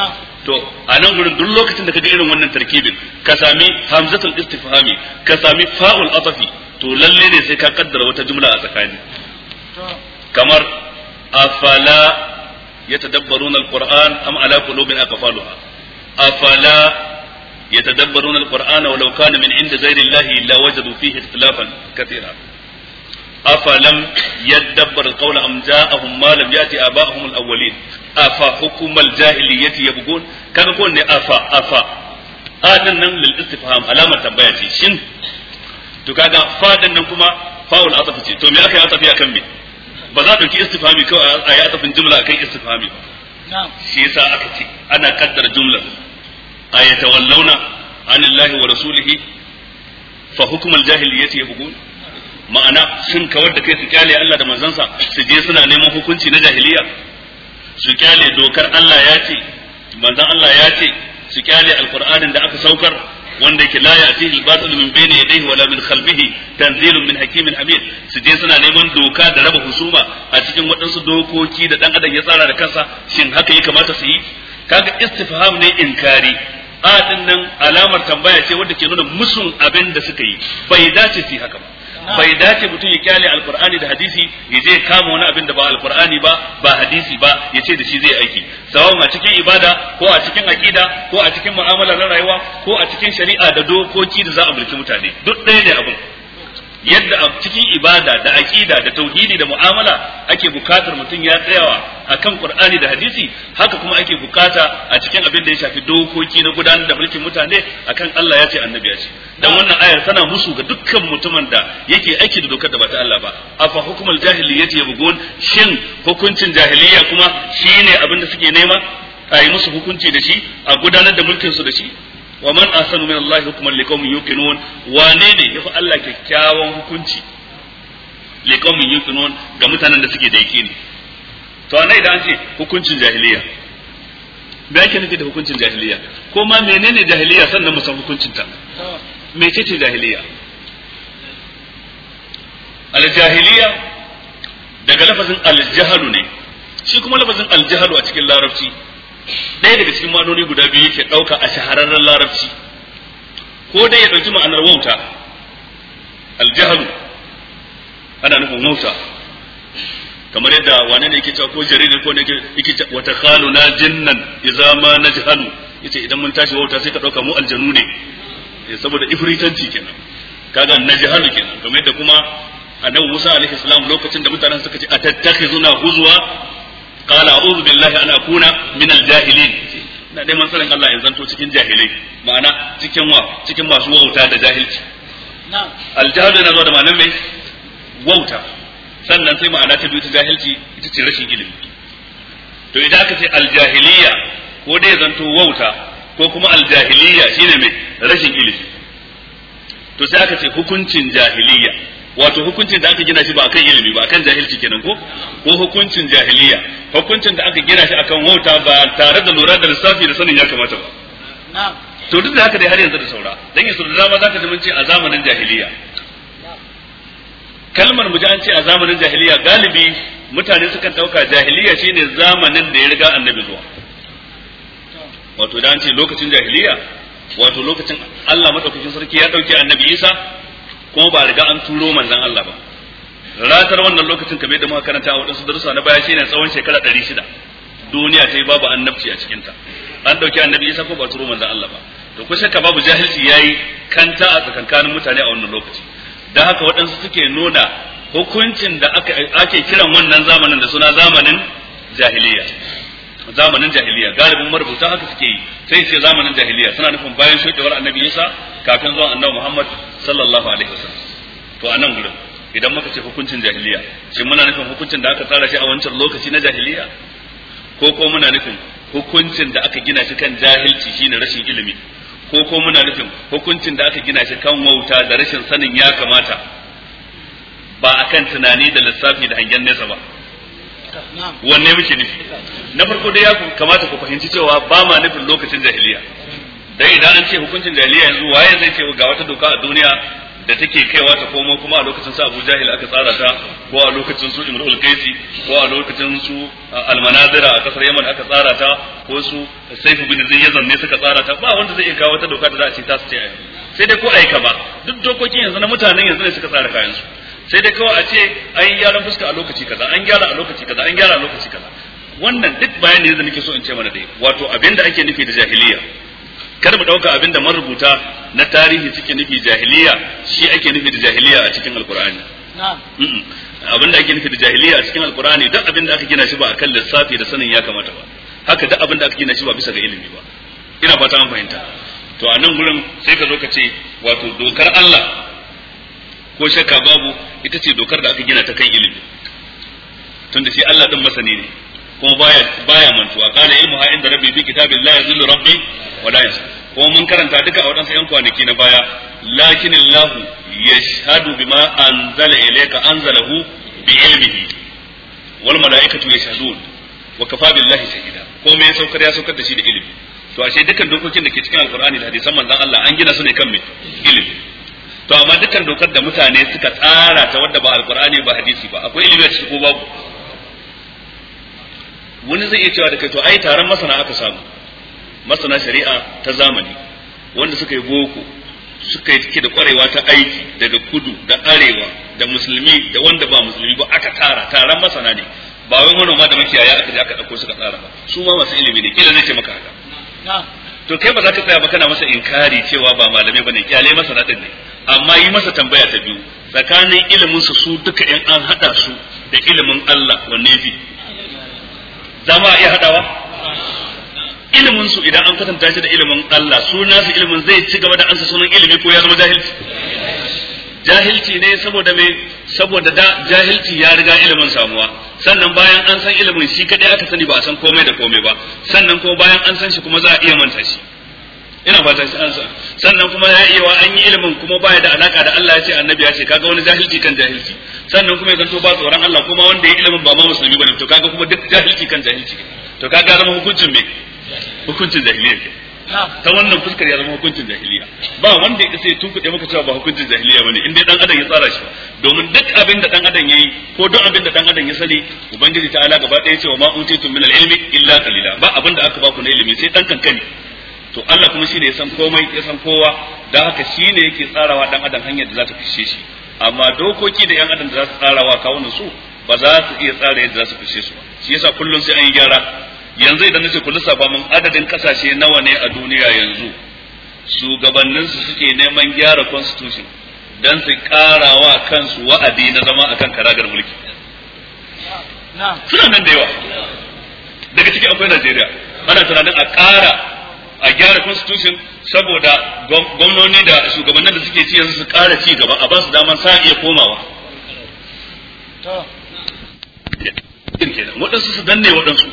S2: to a nan gurin duk lokacin da kaga irin wannan tarkibin ka sami hamzatul istifhami ka sami fa'ul atafi to lalle ne sai ka kaddara wata jumla a tsakani kamar afala yatadabbaruna alquran am ala qulubin aqfaluha afala yatadabbaruna alquran walau kana min inda zairillahi allahi la wajadu fihi ikhtilafan katira afalam yadabbar qawla am ja'ahum ma lam yati aba'ahum al-awwalin afa hukumal jahiliyyati yabghun kaga ko ne afa afa adan nan lil istifham alamar tambaya ce shin to kaga fadan nan kuma faul asafi ce to me aka yi asafi kan bi? ba za a dauki istifhami kawai a yi asafin jumla akan istifhami ba shi yasa aka ce ana kaddara jumlar ayatawallauna anillahi wa rasulihi fa hukumal jahiliyyati yabghun ma'ana sun kawar da kai su kyale Allah da manzansa su je suna neman hukunci na jahiliya su kyale dokar Allah ya ce manzan Allah ya ce su kyale alqur'anin da aka saukar wanda yake la ya'tihi al-batil min bayni yadayhi wala min khalfihi tanzilun min hakimin hamid su je suna neman doka da raba husuma a cikin waɗansu dokoki da dan adam ya tsara da kansa shin haka ya kamata su yi kaga istifham ne inkari a nan alamar tambaya ce wadda ke nuna musun abin da suka yi bai dace su haka ba bai dace mutum ya kyale alqur'ani da hadisi ya je kama wani abin da ba alqur'ani ba ba hadisi ba ya ce da shi zai aiki sawan a cikin ibada ko a cikin aqida ko a cikin mu'amala na rayuwa ko a cikin shari'a da dokoki da za a mulki mutane duk ɗaya ne abin yadda a cikin ibada da aqida da tauhidi da mu'amala ake bukatar mutum ya tsayawa akan qur'ani da hadisi haka kuma ake bukata a cikin abin da ya shafi dokoki na gudanar da mulkin mutane akan Allah ya ce annabi ya ce dan wannan ayar tana musu ga dukkan mutumin da yake aiki da dokar da ba ta Allah ba afa hukumul jahiliyyati yabgun shin hukuncin jahiliyya kuma shine abin da suke nema a yi musu hukunci da shi a gudanar da mulkin su da shi wa man ahsanu min Allah hukman liqaumin yuqinun wane ne yafi Allah kyakkyawan hukunci liqaumin yuqinun ga mutanen da suke da yaqini to anai an ce hukuncin jahiliya me yake nufi da hukuncin jahiliya ko ma menene jahiliya sannan mu san hukuncin ta me ce ce jahiliya al-jahiliya daga lafazin al-jahlu ne shi kuma lafazin al-jahlu a cikin larabci ɗaya daga cikin ma'anoni guda biyu yake ɗauka a shahararren larabci ko dai ya ɗauki ma'anar wauta aljahalu ana nufin wauta kamar yadda wane ne yake cewa ko jariri ko ne yake cewa wata khalu na jinnan idza ma najhalu yace idan mun tashi wauta sai ka ɗauka mu aljanu ne eh, saboda ifritanci kenan kaga najhalu kenan kamar yadda kuma annabi Musa alaihi salam lokacin da mutanen suka ce atattakhizuna huzwa qala a'udhu billahi an akuna min al-jahilin na dai masalan Allah ya zanto cikin jahilai ma'ana cikin wa cikin masu wauta da jahilci al-jahilu yana zuwa da ma'anar mai wauta sannan sai ma'ana ta biyu ta jahilci ita ce rashin ilimi to idan aka ce aljahiliya ko dai zanto wauta ko kuma aljahiliya shine mai rashin ilimi to sai aka ce hukuncin jahiliya wato hukuncin da aka gina shi ba akan ilimi ba akan jahilci kenan ko ko hukuncin jahiliya hukuncin da aka gina shi akan wauta ba tare da lura da lissafi da sanin ya kamata
S1: ba
S2: to duk da haka dai har yanzu da saura dan yasu da zama zaka ji mun ce a zamanin jahiliya kalmar mu ji an ce a zamanin jahiliya galibi mutane sukan dauka jahiliya shine zamanin da ya riga annabi zuwa wato da an ce lokacin jahiliya wato lokacin Allah madaukakin sarki ya dauke annabi Isa kuma ba riga an turo manzon Allah ba ratar wannan lokacin kabe da makaranta a wadansu darussa na baya shine tsawon shekara 600 duniya ta yi babu annabci a cikinta an dauki annabi Isa ko ba turo manzon Allah ba to ko shakka babu jahilci yayi kanta a tsakankanin mutane a wannan lokaci dan haka waɗansu suke nuna hukuncin da aka ake kiran wannan zamanin da suna zamanin jahiliya zamanin jahiliya galibin marubuta haka suke yi sai ce zamanin jahiliya suna nufin bayan shokewar annabi Isa kafin zuwan annabi Muhammad sallallahu alaihi wasallam to anan gurin idan muka ce hukuncin jahiliya shi muna nufin hukuncin da aka tsara shi a wancan lokaci na jahiliya ko ko muna nufin hukuncin da aka gina shi kan jahilci shine rashin ilimi ko ko muna nufin hukuncin da aka gina shi kan wauta da rashin sanin ya kamata ba akan tunani da lissafi da hangen nesa ba wanne muke nufi na farko dai ya kamata ku fahimci cewa ba ma nufin lokacin jahiliya dai idan an ce hukuncin jahiliya yanzu waye zai ce ga wata doka a duniya da take kaiwa ta komo kuma a lokacin su Abu Jahil aka tsara ta ko a lokacin su Imrul Qaisi ko a lokacin su Al-Manazira a kasar Yaman aka tsara ta ko su Saif bin Ziyad ne suka tsara ta ba wanda zai iya kawo wata doka da za a ce ta su ce sai dai ko aika ba duk dokokin yanzu na mutanen yanzu ne suka tsara kayan su sai dai kawai a ce an yi gyaran fuska a lokaci kaza an gyara a lokaci kaza an gyara a lokaci kaza wannan duk bayani da nake so in ce mana dai wato abinda ake nufi da jahiliya kada mu dauka abin da marubuta na tarihi suke nufi jahiliya shi ake nufi da jahiliya a cikin alkur'ani abin da ake nufi da jahiliya a cikin alqur'ani duk abin da aka gina shi ba akan lissafi da sanin ya kamata ba haka duk abin da aka gina shi ba bisa ga ilimi ba ina fata an fahimta to a nan gurin sai ka zo ka ce wato dokar Allah ko shakka babu ita ce dokar da aka gina ta kan ilimi tunda shi Allah din masani ne Kuma baya baya mantuwa kana ilmu ha inda rabbi fi kitabillahi yadhillu rabbi wa la yansa ko mun karanta duka a wadansu yan kwanaki na baya lakin Allah yashhadu bima anzala ilayka anzalahu bi ilmihi wal malaikatu yashhadun wa kafa billahi shahida ko me saukar ya saukar da shi da ilimi to ashe dukkan dokokin da ke cikin alqur'ani da hadisan manzon Allah an gina su ne kan me ilimi to amma dukkan dokar da mutane suka tsara ta wadda ba alqur'ani ba hadisi ba akwai ilimi a cikin ko babu wani zai iya cewa da kai to ai taron masana aka samu masana shari'a ta zamani wanda suka yi boko suka yi take da kwarewa ta aiki daga kudu da arewa da musulmi da wanda ba musulmi ba aka tara taron masana ne ba wai manoma da makiyaya aka je aka dauko suka tsara ba su ma masu ilimi ne kila ce maka
S1: haka
S2: to kai ba za ka tsaya ba kana masa inkari cewa ba malamai bane kyale masana din ne amma yi masa tambaya ta biyu tsakanin ilimin su su duka in an hada su da ilimin Allah wanne fi za mu iya haɗawa ilimin su idan an kwatanta shi da ilimin Allah su nasu ilimin zai ci gaba da ansa sunan ilimi ko ya zama jahilci jahilci ne saboda me saboda da jahilci ya riga ilimin samuwa sannan bayan an san ilimin shi kadai aka sani ba a san komai da komai ba sannan kuma bayan an san shi kuma za a iya manta shi ina fata shi an san sannan kuma ya iya wa an yi ilimin kuma baya da alaka da Allah ya ce annabi ya ce kaga wani jahilci kan jahilci sannan kuma ya zanto ba tsoron Allah kuma wanda ya ilimin ba ma musulmi bane to kaga kuma duk jahilci kan jahilci to kaga zama hukuncin me hukuncin jahiliya ke
S1: ta wannan fuskar
S2: ya zama hukuncin jahiliya ba wanda ya sai tun kuɗe maka cewa ba hukuncin jahiliya bane in dai dan adam ya tsara shi domin duk abin da dan adam yayi ko duk abin da dan adam ya sani ubangiji ta ala gaba ɗaya cewa ma utitum min al-ilmi illa qalila ba abin da aka ba ku na ilimi sai dan kankani to Allah kuma shine ya san komai ya san kowa dan haka shine yake tsarawa dan adam hanyar da za ta fishe shi amma dokoki da yan adam da za su tsara wa kawo su ba za su iya tsara yadda za su fice su ba. shi yasa kullum sai an yi gyara yanzu idan nace ku lissafa mun adadin kasashe nawa ne a duniya yanzu shugabannin su suke neman gyara constitution dan su karawa kansu wa'adi na zama akan karagar mulki suna nan da yawa daga ciki akwai Najeriya ana tunanin a kara a gyara constitution saboda gwamnoni da shugabannin da suke ci yanzu su ƙara ci gaba a ba su daman sa iya komawa waɗansu su danne waɗansu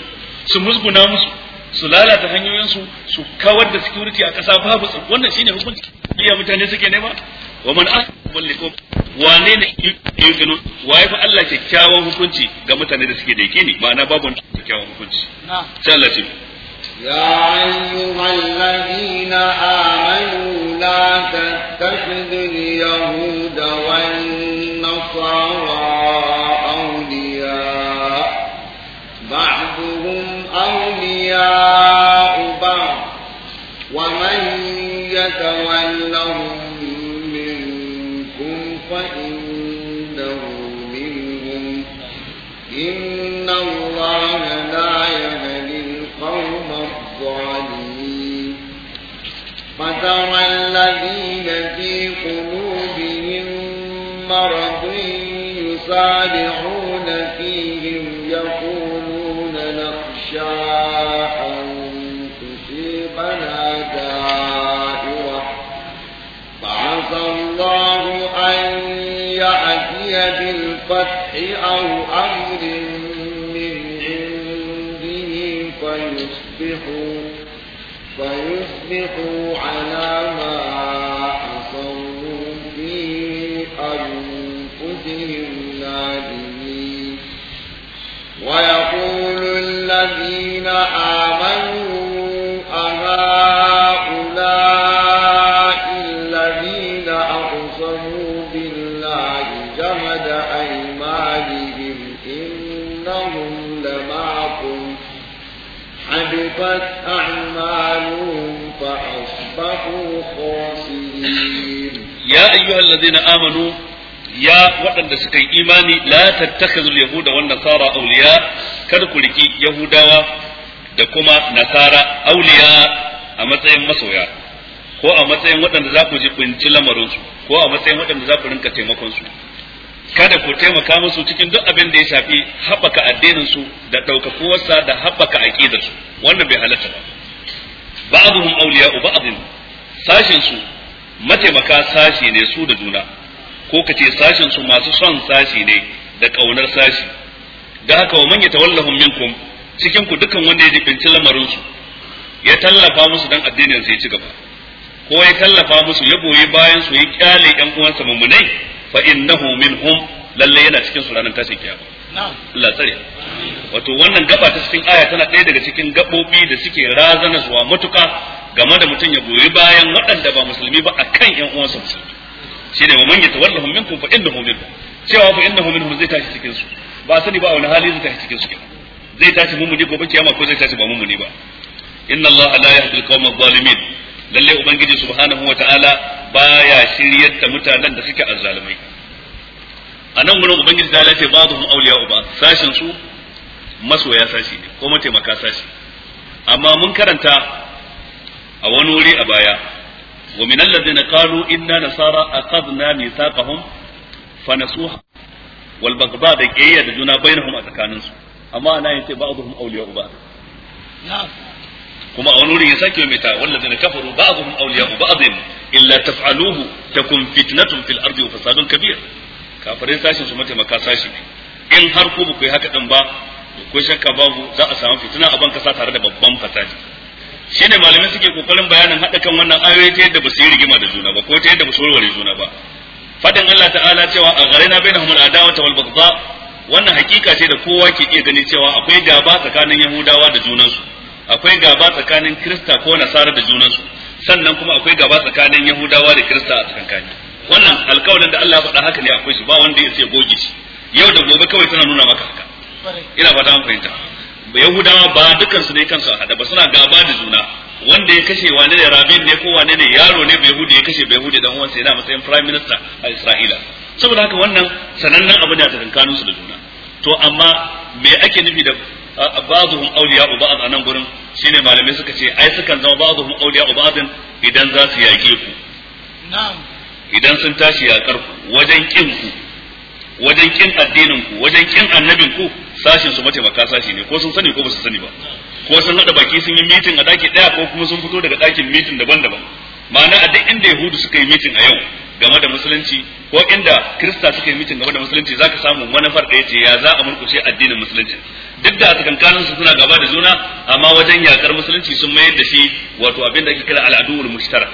S2: su musguna musu su lalata hanyoyinsu su kawar da security a ƙasa babu tsaro wannan shine hukunci iya mutane suke nema wa man asbal ko wane ne yakinu waye fa Allah kyakkyawan hukunci ga mutane da suke da yake ne ma'ana babu kyakkyawan hukunci sai Allah ya
S3: يا أيها الذين آمنوا لا تتخذ اليهود والنصارى أولياء بعضهم أولياء بعض ومن يتولهم ترى الذين في قلوبهم مرض يسارعون فيهم يقولون نخشى أن تصيبنا دائرة فعسى الله أن يأتي بالفتح أو أمر من عنده فيصبحوا فيصبحوا على ما أصروا في أنفسهم نادمين ويقول الذين آمنوا حبطت أعمالهم فأصبحوا خاسرين يا
S2: أيها الذين آمنوا ya waɗanda suka yi imani la tattakhidhu yahuda wan nasara awliya kada ku riki yahudawa da kuma nasara awliya a matsayin masoya ko a matsayin waɗanda za ku ji kunci lamarin ko a matsayin waɗanda za ku rinka taimakonsu. kada ku taimaka musu cikin duk abin da ya shafi haɓaka addinin su da ɗaukakuwarsa da haɓaka aƙidar su wannan bai halatta ba ba'dhum awliya'u abin. sashin su mataimaka sashi ne su da juna ko kace sashin su masu son sashi ne da ƙaunar sashi da haka wa man yatawallahum minkum cikin ku dukan wanda ya jibinci lamarin su ya tallafa musu dan addinin su ya ci gaba ko ya tallafa musu ya goyi bayan su ya kyale yan uwansa mummunai fa innahu minhum lalle yana cikin su ranar tashin kiyama Allah tsare wato wannan gaba ta cikin aya tana ɗaya daga cikin gabobi da suke razana zuwa matuka game da mutum ya goyi bayan waɗanda ba musulmi ba akan ƴan uwansa musulmi shine wa man yatawallahum minkum fa innahu minhum cewa fa innahu minhum zai tashi cikin su ba sani ba wani hali zai tashi cikin su zai tashi mummuni gobe kiyama ko zai tashi ba ne ba inna allaha la yahdi al-qawma adh-dhalimin lalle ubangiji subhanahu wataala baya shiryar da mutanen da suke azzalumai nan gurin ubangiji ta ba ba'dhum awliya'u ba sashin su masoya sashi ne ko mataimaka sashi amma mun karanta a wani wuri a baya wa min alladhina qalu inna nasara aqadna mithaqahum fa nasuha wal baghdha da kiyaya da juna bainahum a tsakaninsu amma ana ba ba'dhum awliya'u ba kuma a wani wurin ya sake mai ta wallazina kafaru ba a ba'dhin illa taf'aluhu kun fitnatun fil ardi wa fasadun kabir kafirin sashin su mataimaka sashi in har ko ba ku yi haka din ba ko shakka babu za a samu fitina a ban kasa tare da babban fasadi ne malamai suke kokarin bayanin hada kan wannan ayoyi ta yadda ba su yi rigima da juna ba ko ta yadda ba su warware juna ba fadin Allah ta'ala cewa a garina bainahum al-adawata wal baghdha wannan hakika ce da kowa ke iya gani cewa akwai gaba tsakanin Yahudawa da junansu akwai gaba tsakanin Kirista ko Nasara da junansu sannan kuma akwai gaba tsakanin Yahudawa da Kirista a tsakankani wannan alƙawarin da Allah faɗa haka ne akwai shi ba wanda ya ce goge shi yau da gobe kawai tana nuna maka haka ina fata an fahimta Yahudawa ba dukansu ne kansu a hada ba suna gaba da juna wanda ya kashe wane ne rabin ne ko wane ne yaro ne bai hudu ya kashe bai hudu dan uwansa yana matsayin prime minister a Isra'ila saboda haka wannan sanannen abu ne a tsakankanin su da juna to amma me ake nufi da ba'dhum u ba'd anan gurin shine malamai suka ce ai sukan zama ba'dhum u ba'd idan za su yake ku na'am idan sun tashi yaƙar ku wajen kin ku wajen kin addinin ku wajen kin annabin ku sashin su maka sashi ne ko sun sani ko ba su sani ba ko sun hada baki sun yi mitin a daki daya ko kuma sun fito daga dakin mitin daban-daban ma'ana a duk inda yahudu suka yi mitin a yau game da musulunci ko inda krista suka yi mitin game da musulunci zaka samu manufar da yace ya za a murkushe addinin musulunci duk da kankanin su suna gaba da juna amma wajen yakar musulunci sun mayar da shi wato abin da ake kira al'adul mushtarak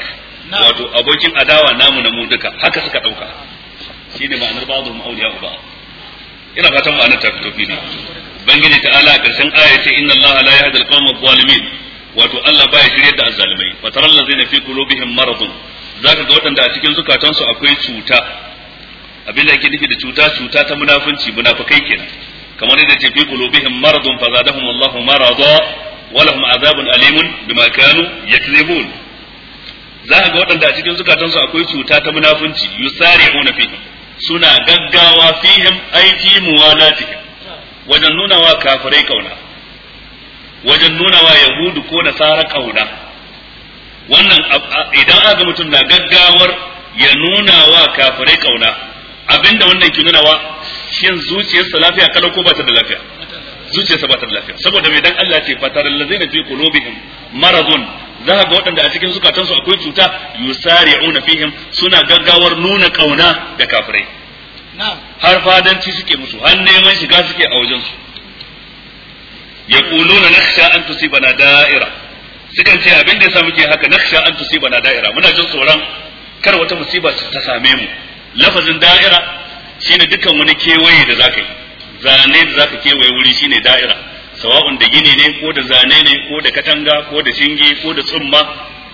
S2: wato abokin adawa namu na mu duka haka suka dauka shine ma'anar ba'dhum awliya ba ina fatan ma'anar ta fito fili bangine ta ala karshen aya ce inna allaha la yahdi al adh-dhalimin wato Allah baya shirye da azzalimai fa taral ladzina fi qulubihim maradun zaka ga waɗanda a cikin zukatansu akwai cuta abin da ake nufi da cuta cuta ta munafunci munafikai kenan kamar yadda ce fi qulubihim maradun fazadahum Allahu marada wa lahum azabun alimun bima kanu yakzibun za ka ga waɗanda a cikin zukatansu akwai cuta ta munafunci yusari'una fi suna gaggawa fihim aiki fi muwalatihim wajen nuna wa kafirai kauna wajen nuna wa yahudu ko nasara kauna wannan idan aka mutum na gaggawar ya nuna wa kafirai kauna abinda wannan ke nuna wa shin zuciyarsa lafiya kalau ko ba ta da lafiya zuciyarsa ba ta da lafiya saboda mai dan Allah ce fataral ladzina fi qulubihim maradun za ga waɗanda a cikin su akwai cuta yusari'una fihim suna gaggawar nuna kauna da kafirai har fadanci suke musu har neman shiga suke a wajen su yaquluna nakhsha an tusibana da'ira sukan ce abin da yasa muke haka nakhsha an tusibana da'ira muna jin tsoron kar wata musiba ta same mu lafazin da'ira shine dukkan wani kewaye da zaka yi zane da zaka kewaye wuri shine da'ira sawa'un da gini ne ko da zane ne ko da katanga ko da shinge ko da tsumma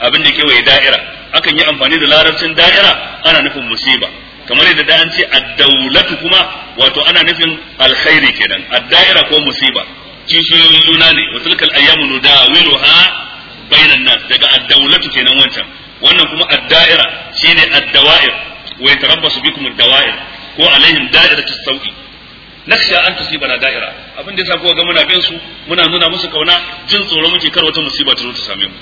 S2: abin da kewaye da'ira akan yi amfani da larabcin da'ira ana nufin musiba kamar yadda da an ce ad-daulatu kuma wato ana nufin alkhairi kenan ad-da'ira ko musiba shi yuna ne wa tilkal ayyamu nudawiluha bainan nas daga ad-daulatu kenan wancan wannan kuma ad-da'ira shine ad-dawa'ir wa yatarabbasu bikum ad-dawa'ir ko alaihim ta sauki nakhsha an tusibana da'ira abin da yasa ko ga muna bin su muna nuna musu kauna jin tsoro muke kar wata musiba ta zo ta same mu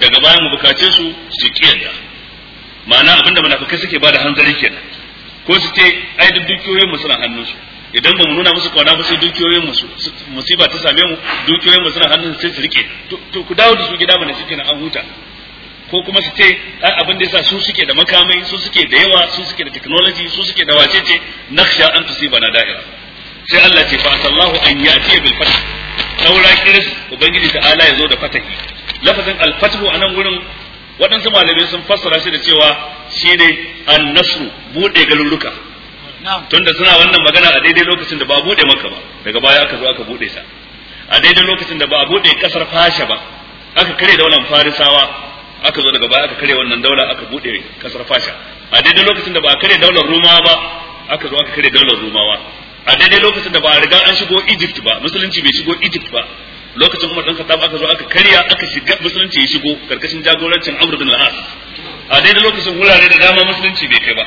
S2: daga bayan mu bukace su su kiyanda ma'ana abin da munafikai suke bada hanzari kenan ko su ce ai duk dukiyoyin mu suna hannun su idan ba mu nuna musu kauna ba sai dukiyoyin mu musiba ta same mu dukiyoyin mu suna hannun sai su rike to ku dawo da su gida mana shi kenan an huta ko kuma su ce ai abin da yasa su suke da makamai su suke da yawa su suke da technology su suke da wacece naksha an bana da'ira sai Allah ce fa sallahu an yati bil fath saura kiris ubangiji ta ala yazo da fatahi lafazin al fathu anan gurin waɗansu malamai sun fassara shi da cewa shi ne an nasru buɗe garuruka tunda suna wannan magana a daidai lokacin da ba buɗe maka ba daga baya aka zo aka bude sa a daidai lokacin da ba a buɗe ƙasar fasha ba aka kare da wannan farisawa aka zo daga baya aka kare wannan daula aka bude kasar fasha a daidai lokacin da ba a kare daular rumawa ba aka zo aka kare daular rumawa a daidai lokacin da ba a riga an shigo egypt ba musulunci bai shigo egypt ba lokacin umar dan khattab aka zo aka karya aka shiga musulunci ya shigo karkashin jagorancin amr bin al-as a daidai lokacin wurare da dama musulunci bai kai ba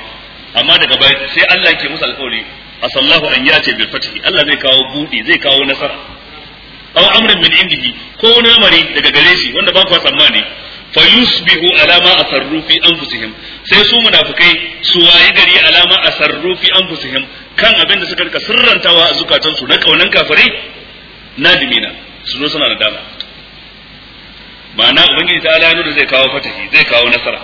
S2: amma daga baya sai Allah ke musu alƙawari asallahu an yati bil fathi Allah zai kawo budi zai kawo nasara aw amrin min indihi ko wani amari daga gare shi wanda ba ku tsammani fa yusbihu alama asarru fi anfusihim sai su munafikai su waye gari alama asarru fi anfusihim kan abin da suka rika sirrantawa a su na kaunan kafirai nadimina su zo suna nadama ma'ana ubangiji ta ala da zai kawo fatahi zai kawo nasara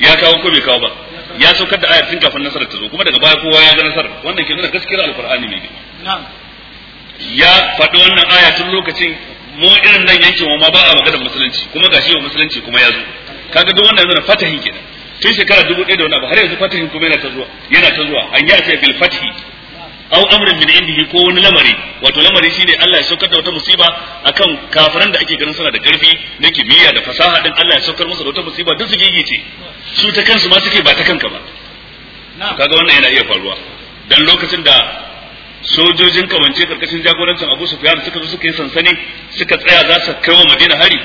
S2: ya kawo ko bai kawo ba ya saukar da ayar tun kafin nasara ta zo kuma daga baya kowa ya ga nasara wannan ke nuna gaskiyar alkur'ani mai girma ya faɗi wannan aya tun lokacin mu irin nan yankin mu ma ba a magana musulunci kuma gashi wa musulunci kuma ya zo kaga duk wannan yana fatahin kenan tun shekara dubu ɗaya da wani abu har yanzu fatahin kuma yana ta zuwa yana ta zuwa an yi a ce bil fatahi au amrin min indihi ko wani lamari wato lamari shine Allah ya saukar da wata musiba akan kafiran da ake ganin suna da karfi na kimiyya da fasaha din Allah ya saukar musu da wata musiba duk su gigice
S1: su ta kansu ma suke
S2: ba ta kanka ba kaga wannan yana iya faruwa dan lokacin da sojojin kamance karkashin jagorancin Abu fiya suka zo suka yi sansani suka tsaya za su kai wa Madina hari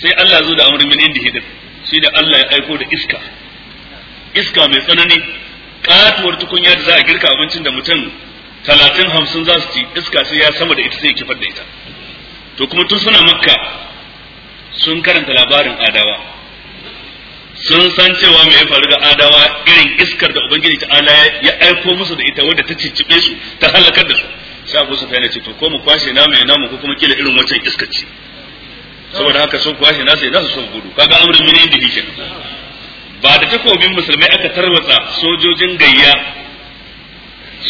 S2: sai Allah zo da amrin min indihi din shi da Allah ya aiko da iska iska mai tsanani katuwar tukunya da za a girka abincin da mutum talatin hamsin za su ci iska sai ya sama da ita sai ya kifar da ita to kuma tun suna makka sun karanta labarin adawa sun san cewa me ya faru ga adawa irin iskar da ubangiji ta ala ya aiko musu da ita wadda ta ciccibe su ta halakar da su sai abu su fayyace to ko mu kwashe na mai namu ko kuma kila irin wancan iskar ce saboda haka sun kwashe na sai za su son gudu kaga amrin mini da hikin ba da takobin musulmai aka tarwatsa sojojin gayya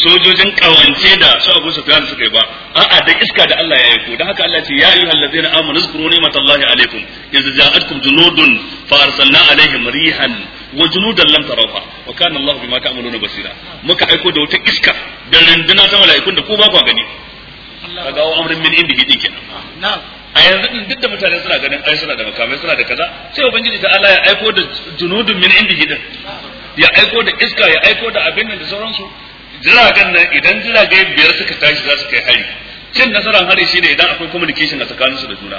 S2: sojojin kawance da su Abu Sufyan suka yi ba a'a da iska da Allah ya aiko Da haka Allah ce ya ayyuhal ladzina amanu zkuru ni'matallahi alaikum idza ja'atkum junudun fa arsalna alaihim rihan wa junudan lam tarawha wa kana Allah bima ta'maluna basira muka aiko da wata iska da runduna ta mala'ikun da ku ba ku gani kaga wa amrin min indihi din kenan a yanzu din duk da mutane suna ganin ai suna da makamai suna da kaza sai ubangiji ta Allah ya aiko da junudun min indihi din ya aiko da iska ya aiko da abin da sauransu jiragen nan idan jirage biyar suka tashi za su kai hari cin nasarar hari shine idan akwai communication a tsakanin su da juna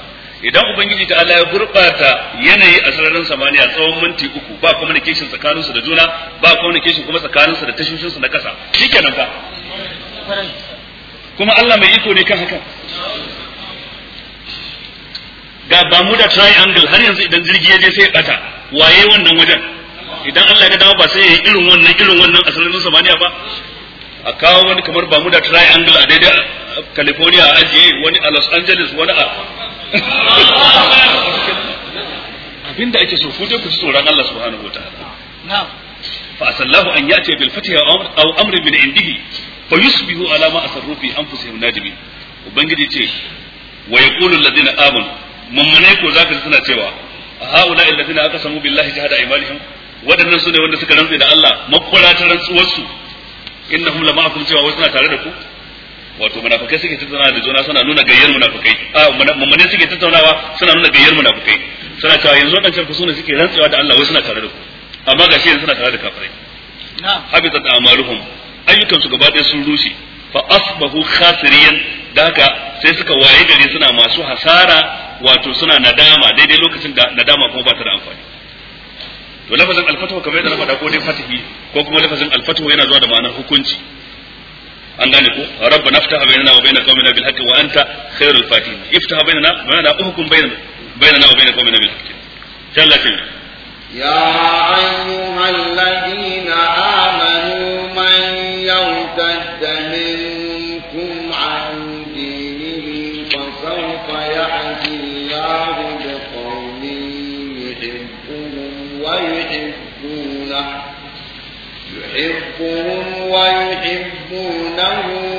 S2: idan ubangiji ta Allah ya gurbata yanayi a sararin samaniya tsawon minti uku ba communication tsakanin su da juna ba communication kuma tsakanin su da tashoshin su na kasa shikenan fa kuma Allah mai iko ne kan haka ga Bermuda triangle har yanzu idan jirgi ya je sai ya bata waye wannan wajen idan Allah ya dawo ba sai ya yi irin wannan irin wannan a sararin samaniya ba a kawo wani kamar ba mu da triangle a daidai California a ajiye wani a Los Angeles wani a *laughs* abinda ake so ku ku ci tsoron Allah subhanahu wataala fa asallahu an ya'ti bil fatiha aw amrin min indihi fa yusbihu ala ma asarru fi anfusihim nadimin ubangiji ce wa yaqulu alladhina amanu mummune ko zaka suna cewa haula alladhina aqsamu billahi jahada aymanihim wadannan sune wanda suka rantsa da Allah makwara ta rantsuwar su innahum lama'akum cewa wasu na tare da ku wato munafikai suke tattaunawa da juna suna nuna gayyar munafikai a mummune suke tattaunawa suna nuna gayyar munafikai suna cewa yanzu wadancan kusuna suke rantsewa da Allah wai suna tare da ku amma gashi yanzu suna tare da kafirai habitat amaluhum ayyukan su gaba ɗaya sun rushe fa asbahu khasiriyan da sai suka waye gari suna masu hasara wato suna nadama daidai lokacin da nadama kuma ba ta da amfani to lafazin alfatahu kamar yadda na faɗa ko dai fatihi ko kuma lafazin alfatahu yana zuwa da ma'anar hukunci an gane ko rabba nafta a bainana wa bainan qawmina bil haqqi wa anta khairul fatihin iftaha bainana wa ana uhkum bainana bainana wa bainan qawmina bil haqqi jalla
S3: ya ayyuhal ladina amanu ويحبونه يحبهم ويحبونه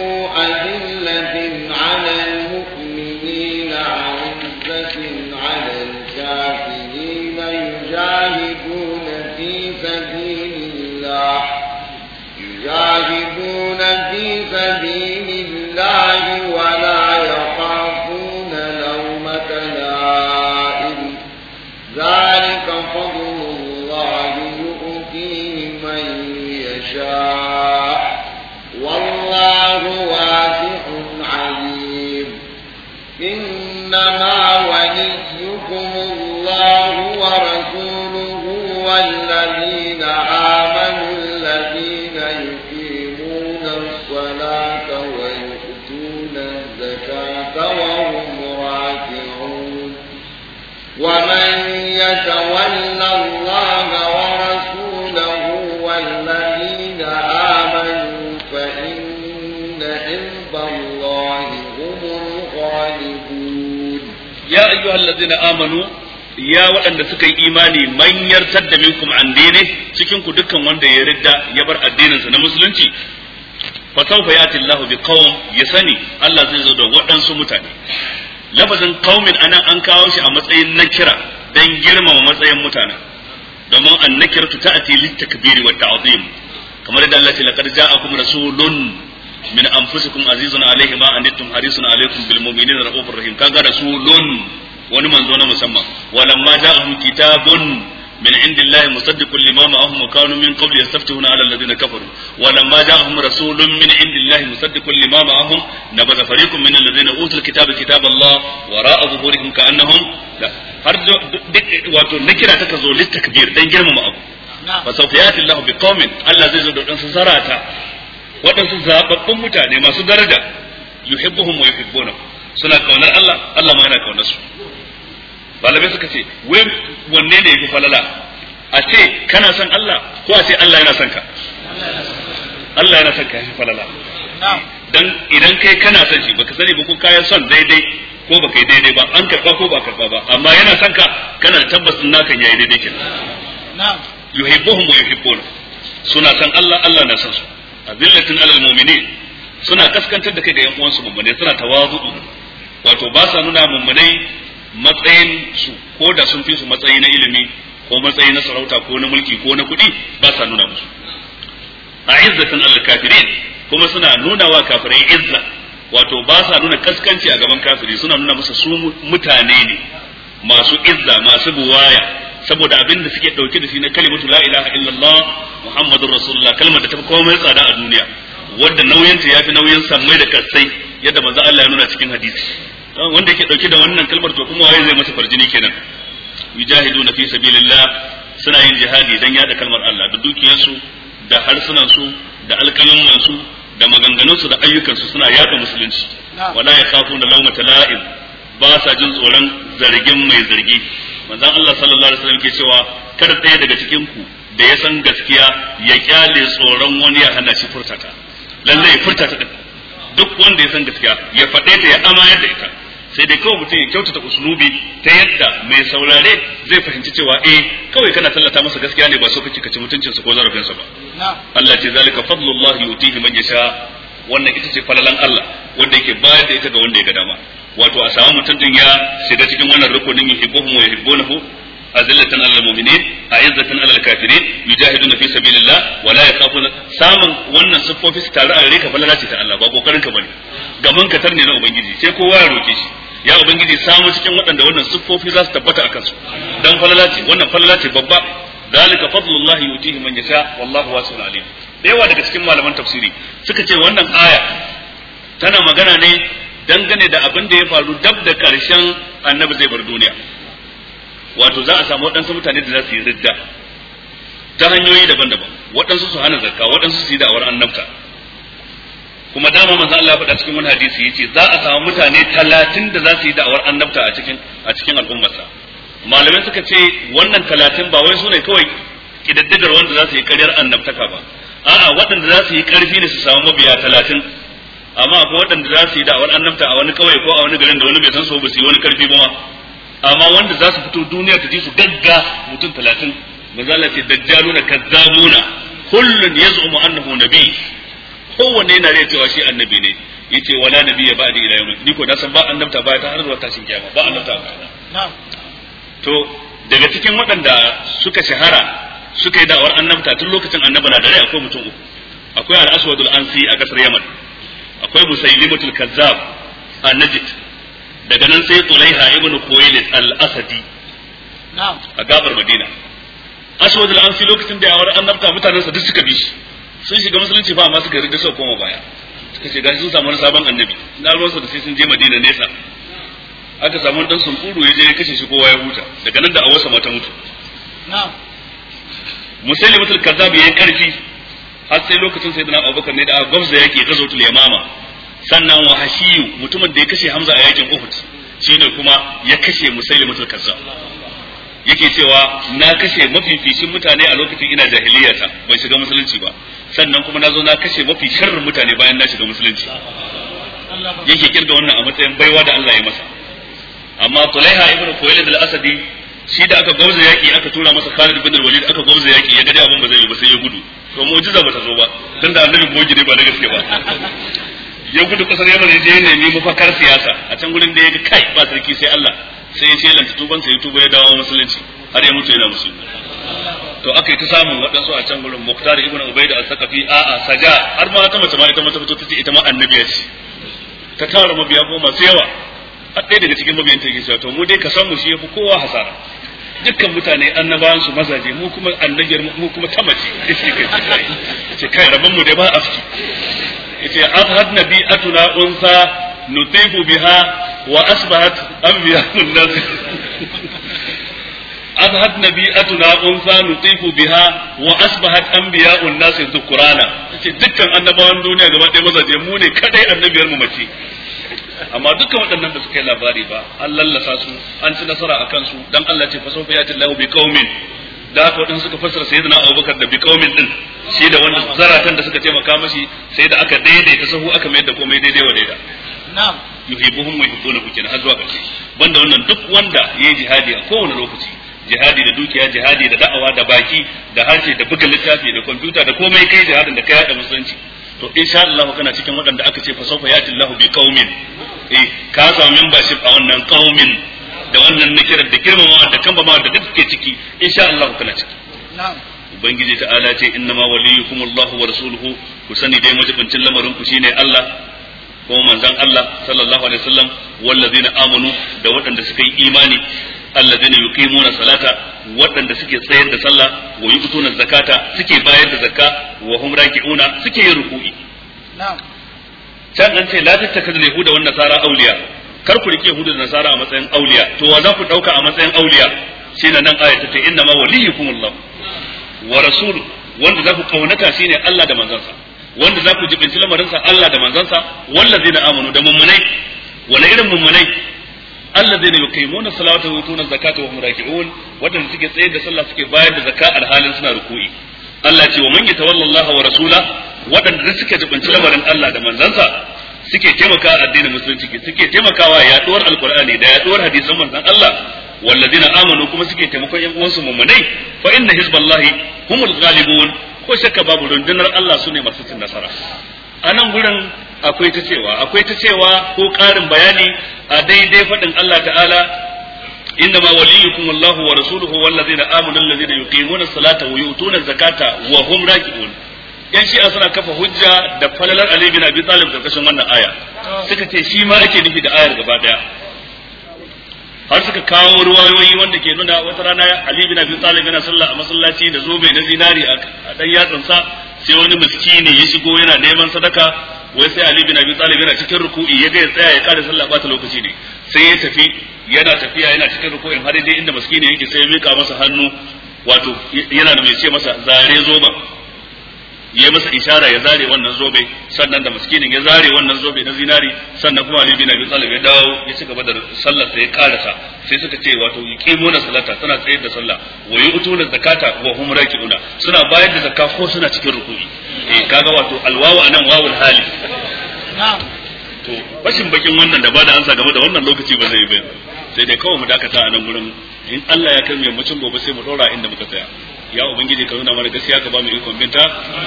S2: ayyuhallazina amanu ya waɗanda suka yi imani man yartar da minkum an dine cikin ku dukkan wanda ya ridda ya bar addininsa na musulunci fa sawfa yati Allahu bi ya sani Allah zai zo da waɗansu mutane lafazin qaumin anan an kawo shi a matsayin nakira dan girmama matsayin mutane domin annakiratu ta'ati lit takbiri wa ta'zim kamar da Allah ya ce laqad ja'akum rasulun min anfusikum azizun alayhi ma anittum harisun alaykum bil mu'minina rahim kaga rasulun wani manzo na musamman walamma ja'ahum kitabun min indillahi musaddiqun lima ma'ahum wa kanu min qabli yastaftihuna 'ala alladhina kafaru ja'ahum rasulun min indillahi musaddiqun lima ma'ahum fariqun min alladhina utul kitaba wara'a zuhurihim ka'annahum har wato zo dan girmama
S1: abu
S2: yati Allahu Allah zai zo da dan sarata waɗansu zababbun mutane masu daraja yuhibbuhum wa yuhibbunahum suna kaunar Allah Allah ma yana kaunar su malamai suka ce wai wanne ne yafi falala a ce kana son Allah ko a ce Allah yana son ka Allah yana son ka yafi falala dan idan kai kana son shi baka sani ba ko kayan son daidai ko baka yi daidai ba an karba ko ba karba ba amma yana son ka kana da na kan yayi daidai kenan na'am yuhibbuhum wa yuhibbuna suna son Allah Allah na son su azillatin alal mu'minin suna kaskantar da kai da yan uwansu mummune suna tawazu wato ba sa nuna mummune matsayin su ko da sun fi su matsayi na ilimi ko matsayi na sarauta ko na mulki ko na kuɗi ba sa nuna musu a izzatin al-kafirin kuma suna nuna wa kafirai izza wato ba sa nuna kaskanci a gaban kafiri suna nuna musu su mutane ne masu izza masu buwaya saboda abin da suke dauke da shi na kalimatu la ilaha illallah muhammadur rasulullah kalmar da ta fi komai tsada a duniya wanda ya yafi nauyin sammai da kassai yadda manzo Allah ya nuna cikin hadisi Ah, wanda yake dauke da wannan kalmar to kuma waye zai masa farjini kenan yujahiduna fi sabilillah suna yin jihadi dan yada kalmar Allah da dukiyarsu da harsunan su da alƙalin su da maganganun su da ayyukan su suna yada musulunci wala yakhafuna lawmata la'im ba sa jin tsoron zargin mai zargi manzon Allah sallallahu alaihi wasallam ke cewa kar ɗaya daga cikin ku da ya san gaskiya ya kyale tsoron wani ya hana shi furtata lalle ya furtata duk wanda ya san gaskiya ya faɗe ta ya amayar da ita sai dai kawai mutum ya kyautata uslubi ta yadda mai saurare zai fahimci cewa eh kawai kana tallata masa gaskiya ne ba so kake kaci mutuncin sa ko zarafin sa ba Allah ce zalika fadlullahi yutihi man yasha wannan ita ce falalan Allah wanda yake bayar da ita ga wanda ya ga dama wato a samu mutum din ya shiga cikin wannan rukunin yuhibbuhum wa yuhibbunahu azillatan alal mu'minin a'izzatan alal kafirin yujahiduna fi sabilillah wa la yakhafuna samun wannan siffofi su tare a rika ka falala ce ta Allah ba kokarin ka bane gaban ka tarne na ubangiji sai kowa ya roke shi ya ubangiji samu cikin waɗanda wannan siffofi za su tabbata a kansu dan falala wannan falala ce babba dalika fadlullahi yutihi man yasha wallahu wasi'un alim da yawa daga cikin malaman tafsiri suka ce wannan aya tana magana ne dangane da abin da ya faru dab da karshen annabi zai bar duniya wato za a samu waɗansu mutane da za su yi ridda ta hanyoyi daban-daban waɗansu su hana zakka waɗansu su yi da'awar annabta kuma dama manzo Allah faɗa cikin wani hadisi yace za a samu mutane 30 da za su yi da'awar annabta a cikin a cikin al'ummarsa malamai suka ce wannan 30 ba wai sune kawai kididdigar wanda za su yi ƙaryar annabtaka ba a'a waɗanda za su yi ƙarfi ne su samu mabiya 30 amma akwai waɗanda za su yi da'awar annabta a wani kawai ko a wani garin da wani bai san so ba su yi wani ƙarfi ba ma amma wanda za su fito duniya ta ji su gagga mutum 30 manzo Allah ce dajjaluna kazzabuna kullun yaz'umu annahu nabiy kowanne yana da cewa shi annabi ne yace wala nabiyya ba'di ila yawm ni ko na san ba annabta ba ta har zuwa tashin kiyama ba annabta ba na'am to daga cikin waɗanda suka shahara suka yi da'awar annabta tun lokacin annabi na dare akwai mutum uku akwai al-aswadul ansi a kasar yaman akwai musaylimatul kazzab a najid daga nan sai tulaiha ibn khuwailid al-asadi a gabar madina aswadul ansi lokacin da yawar annabta mutanen sa duk suka bi shi sun shiga musulunci ba amma suka riga suka koma baya suka ce gashi sun samu wani sabon annabi na ruwansa da sai sun je madina nesa aka samu dan dan sunkuru ya je ya kashe shi kowa ya huta daga nan da a wasa mata mutu musaili kaza kazzab yi karfi har sai lokacin sayyidina abubakar ne da gwamza yake gazotul yamama sannan wa hashiyu mutumin da ya kashe hamza a yakin uhud shine kuma ya kashe musaili mutul kazzab yake cewa na kashe mafificin mutane a lokacin ina jahiliya ta bai shiga musulunci ba sannan kuma na zo na kashe mafi sharrin mutane bayan na shiga musulunci yake kirga wannan a matsayin baiwa da Allah ya masa amma Tulaiha ibn Khuwailid al-Asadi shi da aka gauza yaki aka tura masa Khalid bin Walid aka gauza yaki ya gadi abin ba zai yi ba sai ya gudu to mu'jiza ba ta zo ba dan da annabi bogi ne ba na gaske ba ya gudu kasar Yaman ya je ne nemi mafakar siyasa a can gurin da ya ga kai ba sarki sai Allah sai ya lanta tuban sai tuba ya dawo musulunci har ya mutu yana musulmi to aka yi ta samun waɗansu a can gurin muktar ibn ubaida al sakafi a a saja har ma ta mace ma ita ma ta fito ta ce ita ma annabiya ce ta tara mabiya ko masu yawa a ɗaya daga cikin mabiyan ta yake to mu dai ka san mu shi yafi kowa hasara dukkan mutane annabawan su mazaje mu kuma annabiyar mu kuma ta mace *laughs* ce kai rabon mu dai ba afki yace afhad nabi atuna unsa nutifu biha wa asbahat anbiya'un nas أظهت نبيئتنا أنثى نطيف بها وأصبحت أنبياء الناس ذكرانا dukkan annabawan duniya gaba ɗaya mazaje mu ne kadai annabiyar mu mace amma dukkan waɗannan da suka yi labari ba an lallasa su an ci nasara a kansu dan Allah ce fasawfa yati Allahu bi qaumin da haka waɗansu suka fassara sayyidina Abubakar da bi qaumin din shi da wanda zaratan da suka taimaka mashi sai da aka daidaita sahu aka mayar da komai daidai wa daida na'am yuhibuhum wa yuhibbunahu kenan har zuwa ƙarshe banda wannan duk wanda yayi jihadi a kowane lokaci jihadi da dukiya jihadi da da'awa da baki da harshe da buga littafi da kwamfuta da komai kai jihadin da kai da musulunci to insha Allah kana cikin waɗanda aka ce fa sawfa yati Allahu bi qaumin eh ka samu membership a wannan qaumin da wannan nakirar da girmamawa da ma da duk ciki insha Allah kana ciki na'am ubangiji ta'ala ce innama waliyukum Allah wa rasuluhu ku sani dai majibincin lamarin ku shine Allah ko manzon Allah sallallahu alaihi wasallam wallazina amanu da waɗanda suka yi imani allazina yuqimuna salata waɗanda suke tsayar da sallah wa yu'tuna zakata suke bayar da zakka wa hum raki'una suke yin ruku'i na'am can an ce la tattakadu yahuda wan nasara awliya kar ku rike yahuda da nasara a matsayin awliya to wa za ku dauka a matsayin awliya shi nan aya ta ce inna ma waliyukum Allah wa rasuluhu wanda za ku kaunata shine Allah da manzansa wanda za ku jibinci lamarinsa Allah da manzansa na amanu da mummunai wala irin mummunai allazina yuqimuna salata wa yutuna zakata wa hum raki'un wadanda suke tsaye da sallah suke bayar da zakka alhalin suna ruku'i Allah ce wa man yatawalla Allah wa rasula wadanda suke jibinci lamarin Allah da manzansa suke taimaka addinin musulunci suke taimakawa yaduwar alqur'ani da yaduwar hadisan manzon Allah wallazina amanu kuma suke taimakon yan uwansu mummunai fa inna hizballahi humul ghalibun ko shakka babu rundunar Allah su ne masu cin nasara a nan gurin akwai ta cewa akwai ta cewa ko ƙarin bayani a daidai faɗin Allah ta'ala إنما وليكم الله ورسوله والذين آمنوا الذين يقيمون الصلاة ويؤتون الزكاة وهم راجعون yan shi suna kafa hujja da falalar Ali bin Abi Talib kashin wannan aya suka ce shi ma ake nufi da ayar gaba daya har suka kawo ruwayoyi wanda ke nuna wata rana Ali bin Abi Talib yana sallah a masallaci da zobe na zinari a dan sa sai wani miskini ya shigo yana neman sadaka wai sai Ali bin Abi Talib yana cikin ruku'i ya ga ya tsaya ya kada sallah ba ta lokaci ne sai ya tafi yana tafiya yana cikin ruku'in har dai inda miskini yake sai ya mika masa hannu wato yana da mai ce masa zare zoban ya masa ishara ya zare wannan zobe sannan da miskinin ya zare wannan zobe na zinari sannan kuma Ali bin Abi Talib ya dawo ya ci gaba da sallar sai ya karasa sai suka ce wato na salata suna tsayar da sallah wa yu'tuna zakata wa hum raki'una suna bayar da zakka ko suna cikin rukuni. eh kaga wato alwawu anan wawul hali to bashin bakin wannan da ba da ansa game da wannan lokaci ba zai yi ba sai dai kawai mu dakata a nan gurin in Allah ya kai mu yammacin gobe sai mu dora inda muka tsaya ya ubangiji ka nuna mana gaskiya ka ba mu ikon binta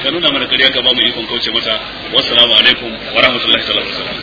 S2: ka nuna mana kariya ka ba mu ikon kauce mata wassalamu alaikum wa rahmatullahi ta'ala